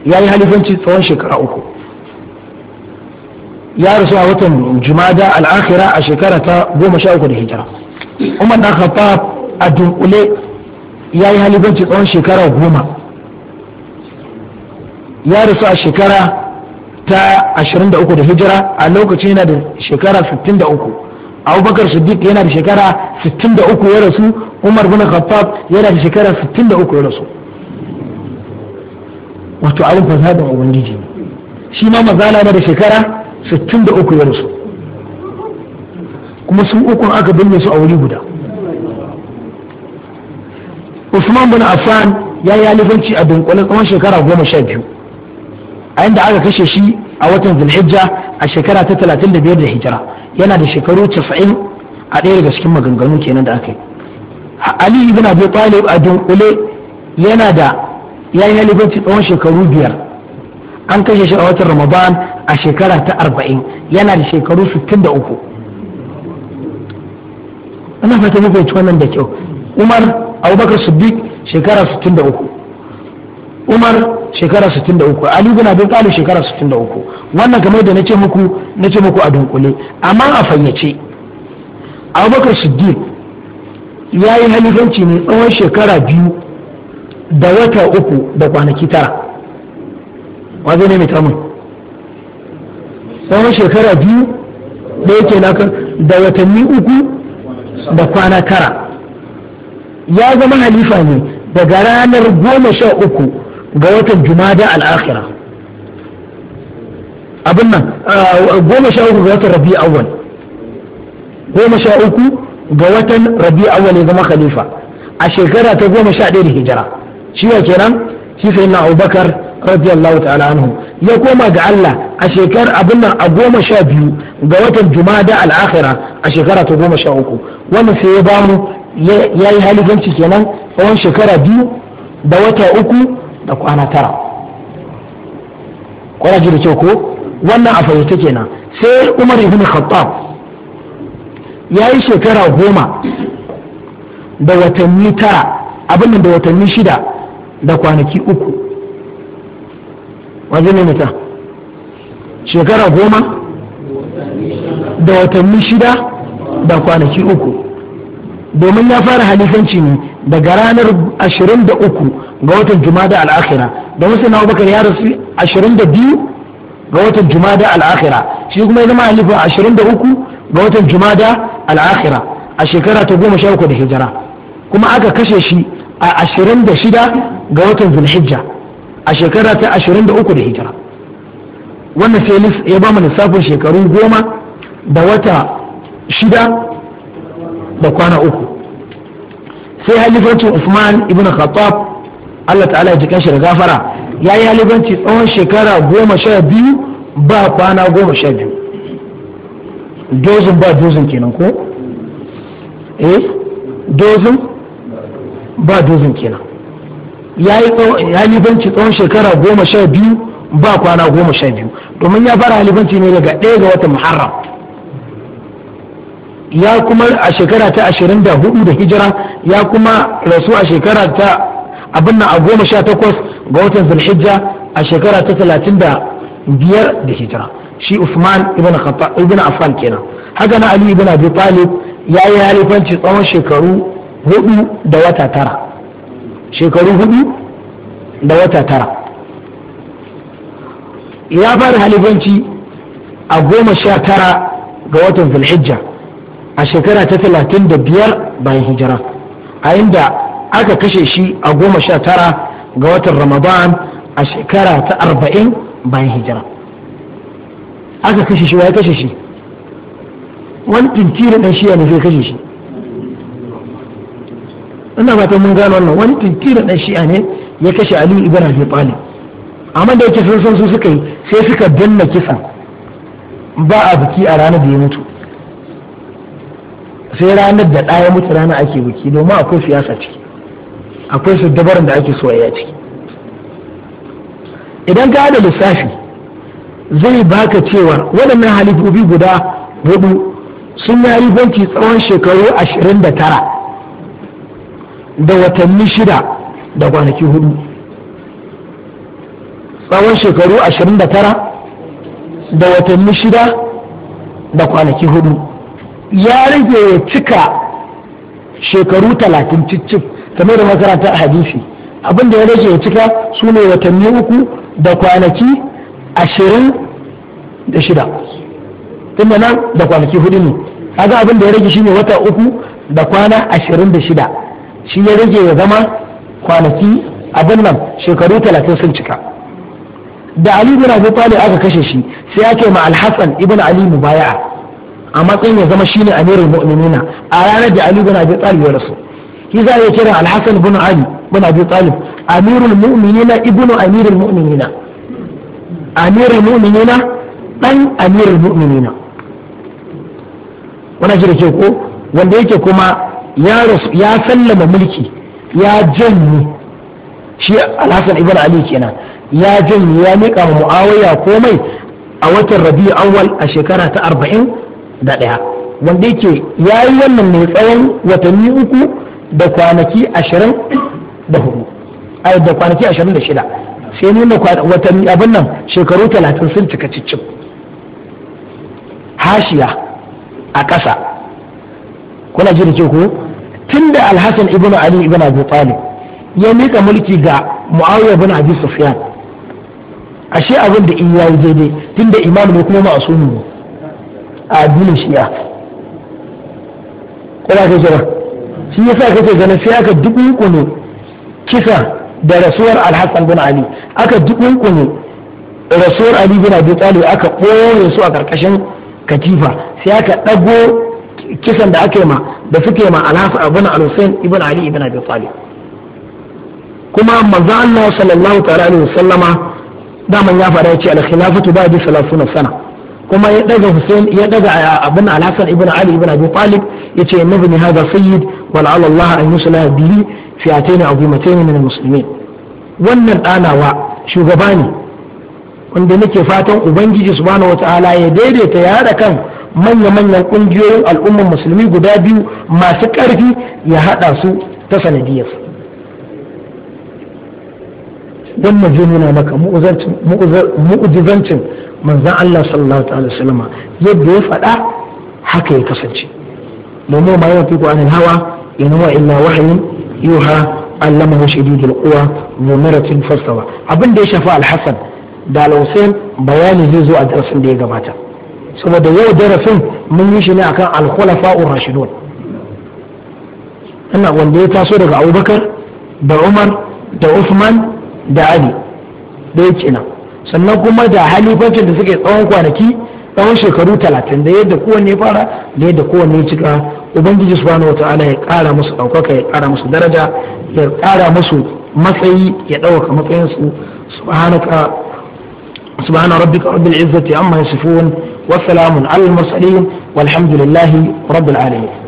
ya yi halifanci tsawon shekara uku ya rasu a watan jumada al'akhira a shekara ta goma sha uku da hijira umar da khattab a dunkule ya yi halifanci tsawon shekara goma ya rasu a shekara ta 23 da hijira a lokacin yana da shekara 63 abubakar siddiq yana da shekara 63 ya rasu umar bin khattab yana da shekara 63 ya rasu wato alin fasadin ubangiji shi ma mazala na da shekara 63 ya rasu kuma sun ukun aka binne su a wuri guda usman bin affan ya yi alifanci a dunkule tsawon shekara goma sha biyu a inda aka kashe shi a watan zulhijja a shekara ta 35 da hijira yana da shekaru 90 a ɗaya daga cikin maganganu kenan da aka yi ali ibn abi talib a dunkule yana da yayin halibanci tsawon shekaru biyar an kashe shi a watan ramadan a shekara ta arba'in yana da shekaru sittin ana fata muku wannan da kyau umar abubakar siddiq shekara sittin umar shekara 63 ali bin abi talib shekara 63 wannan kamar da nace muku nace muku a dunkule amma a fayyace abubakar siddiq ya yi halifanci ne tsawon shekara biyu da wata uku da kwanaki tara wazo ne mai tamun tsawon shekara biyu da yake nakan da watanni uku da kwana tara ya zama halifa ne daga ranar goma sha uku ga watan jumada al'akhira abin nan goma sha uku ga watan rabi awal goma sha uku ga watan rabi awal ya zama khalifa a shekara ta goma sha ɗaya da hijira shi ya kenan shi sai na abubakar radiyallahu ta'ala anhu ya koma ga Allah a shekar abin nan a goma sha biyu ga watan jumada al'akhira a shekara ta goma sha uku wannan sai ya bamu ya yi halifanci kenan tsawon shekara biyu da wata uku da kwana tara kwana ji ce ko wannan a fahimta kenan sai umar ibn khattab ya yi shekara goma da watanni tara abin da watanni shida da kwanaki uku wajen ne mutum shekara goma da watanni shida da kwanaki uku domin ya fara halifanci ne daga ranar 23 ga watan jumada al'akhira da musulun abubakar ya rasu ashirin da biyu ga watan jumada al'akhira shi kuma ya zama alifin ashirin da uku ga watan jumada al'akhira a shekara ta goma sha uku da hijira kuma aka kashe shi a ashirin da shida ga watan zulhijja a shekara ta ashirin da uku da hijira wannan sai ya ba mu lissafin shekaru goma da wata shida da kwana uku sai halifatu usman ibn khattab Allah ta'ala ya jikan shi da gafara ya yi halibanci tsawon shekara goma sha biyu ba kwana goma sha biyu dozin ba dozin kenan ko eh dozin ba dozin kenan ya yi halibanci tsawon shekara goma sha biyu ba kwana goma sha biyu domin ya fara halibanci ne daga ɗaya ga watan muharram ya kuma a shekara ta ashirin da hudu da hijira ya kuma rasu a shekara ta abin nan a goma sha takwas ga watan zulhijja a shekara ta talatin da biyar da hijira shi usman ibn khattab affan kenan haka na ali ibn abi talib ya yi halifanci tsawon shekaru hudu da wata tara shekaru hudu da wata tara ya fara halifanci a goma sha tara ga watan zulhijja a shekara ta talatin da biyar bayan hijira a inda aka kashe shi a goma sha tara ga watan ramadan a shekara ta arba'in bayan hijira aka kashe shi ya kashe shi wani tintirin dan shiya ne zai kashe shi ina fatan mun gano wannan wani tintirin dan shiya ne ya kashe ali ibn abi talib amma da yake sun san su suka yi sai suka danna kisa ba a biki a ranar da ya mutu sai ranar da ɗaya mutu rana ake biki domin akwai siyasa ciki akwai su dabaran da ake soyayya ciki idan ka da lissafi zai baka cewa waɗannan halifobi guda hudu sun yi halifanci tsawon shekaru 29 da watanni shida da kwanaki hudu tsawon shekaru 29 da watanni shida da kwanaki hudu ya rage cika shekaru 30 cicif kamar da makaranta a hadisi abin da ya rage ya cika su ne watanni uku da kwanaki ashirin da shida tunda nan da kwanaki hudu ne kaga abin da ya rage shine wata uku da kwana ashirin da shida shi ya rage ya zama kwanaki abin nan shekaru talatin sun cika da ali bin abi talib aka kashe shi sai ake ma Alhassan hasan ibn ali baya. a matsayin ya zama shine amirul mu'minina a ranar da ali bin abi talib ya rasu shi za a kira alhassan bin ali bin abi talib amirul mu'minina ibnu amirul mu'minina amirul mu'minina dan amirul mu'minina wannan shi ke ko wanda yake kuma ya sallama mulki ya janye shi alhassan ibn ali kenan ya janye ya miƙa wa mu'awiya komai a watan Rabi'u awwal a shekara ta arba'in da ɗaya wanda yake ya yi wannan mai tsawon watanni uku da kwanaki ashirin da hudu ai da kwanaki ashirin da shida sai nuna watanni abin nan shekaru talatin sun cika ciccin. hashiya a ƙasa kuna ji da ke ko tun da alhassan ibn ali ibn abu talib ya mika mulki ga muawiya ibn abi sufyan ashe abin da in yayi daidai tun da imam ne kuma ma'asumi ne a addinin shi'a kuna ga jira shi yasa kake ganin sai aka dukunkune kisa da rasuwar alhassan bin ali aka dukunkune rasuwar ali bin abi talib aka ɓoye su a karkashin katifa sai aka ɗago kisan da aka yi ma da suke ma alhassan ibn al-husayn ibn ali ibn abi talib kuma manzo Allah sallallahu ta'ala alaihi wasallama daman ya fara yace al-khilafatu ba'da 30 sana kuma ya daga Hussein ya daga eh, abin al-Hasan ibn Ali ibn Abi Talib yace ibn hadha sayyid ولعل الله أن يصلح به فئتين عظيمتين من المسلمين wannan ɗanawa shugaba ne wanda nake fatan ubangiji subhanahu wataala ya daidaita ya haɗa kan manya-manyan ƙungiyoyin al'ummar musulmi guda biyu masu ƙarfi ya haɗa su ta sanadiyar wannan zai nuna maka mu'ujizancin manzan Allah sallallahu ta'ala sallama yadda ya faɗa haka ya kasance domin ma yana fi hawa Ina wa illa wahyin yuha allamahu shadidul quwa zu maratin fastawa abin da ya shafi Alhassan, da al-husain bayani zai zo a darasin da ya gabata saboda yau darasin mun yi shi ne akan al-khulafa'ur rashidu. ina wanda ya taso daga Abubakar da Umar da Uthman da Ali da yake nan sannan kuma da halifancin da suke tsawon kwanaki tsawon shekaru talatin da yadda kowanne fara da yadda kowanne cika ubangiji subhanahu wataala ya kara musu ɗaukaka ya ƙara musu daraja ya ƙara musu matsayi ya matsayin su subhanaka subhana rabbika rabbil izzati amma yasifun wa salamun alal mursalin walhamdulillahi rabbil alamin